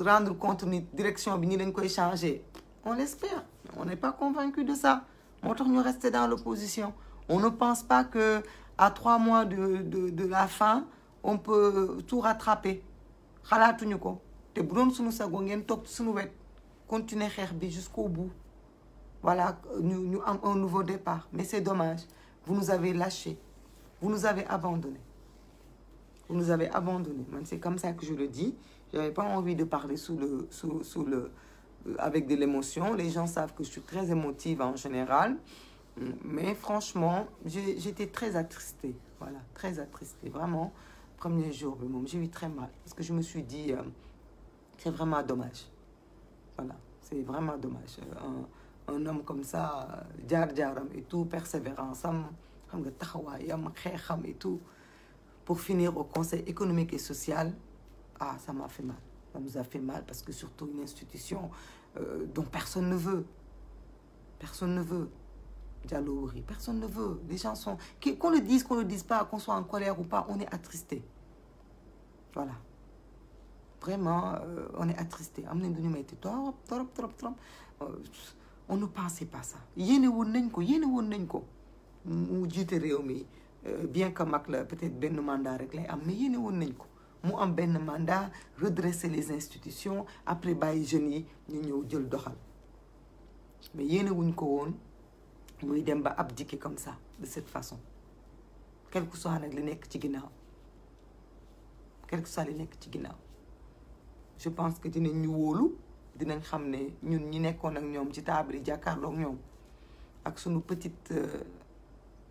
rendre compte la direction bi nous dañ koy changer on l'espère on n'est pas convaincu de ça moo ñu rester dans l'opposition on ne pense pas que à trois mois de de de la fin on peut tout rattraper xalaatuñu ko nous bu doon suñu sago ngeen toog suñu continuer jusqu'au bout voilà nous avons un nouveau départ mais c'est dommage vous nous avez lâchés vous nous avez abandonnés vous nous avez abandonnés. C'est comme ça que je le dis. Je n'avais pas envie de parler sous le, sous, le, euh, avec de l'émotion. Les gens savent que je suis très émotive en général. Mais franchement, j'étais très attristée. Voilà, très attristée. Vraiment, premier jour, j'ai eu très mal. Parce que je me suis dit, euh, c'est vraiment dommage. Voilà, c'est vraiment dommage. Un, un, homme comme ça, djar euh, et tout, persévérant, et tout pour finir au Conseil économique et social, ah, ça m'a fait mal. Ça nous a fait mal parce que surtout une institution euh, dont personne ne veut. Personne ne veut. personne ne veut. Les gens sont... Qu'on le dise, qu'on ne le dise pas, qu'on soit en colère ou pas, on est attristé. Voilà. Vraiment, euh, on est attristé. Euh, on ne pensait pas ça. Euh, bien que Macle peut-être Ben mandat réglé am ne ko mandat redresser les institutions après les jeunes mais ko muy dem abdiquer comme ça de cette façon quel que soit le ci quel que soit ci je pense que nous ñu wolu dinañ xamné ñun ñi nous ak ñom ci ak petite euh,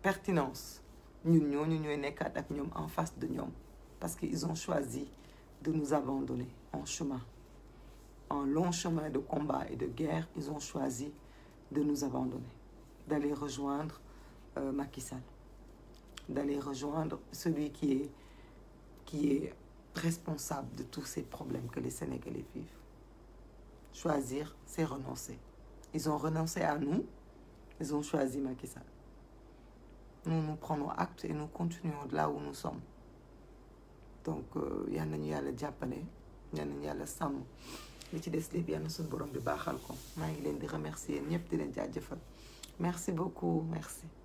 pertinence nous en face de nous parce qu'ils ont choisi de nous abandonner en chemin en long chemin de combat et de guerre ils ont choisi de nous abandonner d'aller rejoindre euh, Macky Sall d'aller rejoindre celui qui est qui est responsable de tous ces problèmes que les Sénégalais vivent choisir c'est renoncer ils ont renoncé à nous ils ont choisi Macky Sall nous nous prenons acte et nous continuons de là où nous sommes donc euh, y nañu a un qui a yàlla li ci des borom remercier merci beaucoup merci.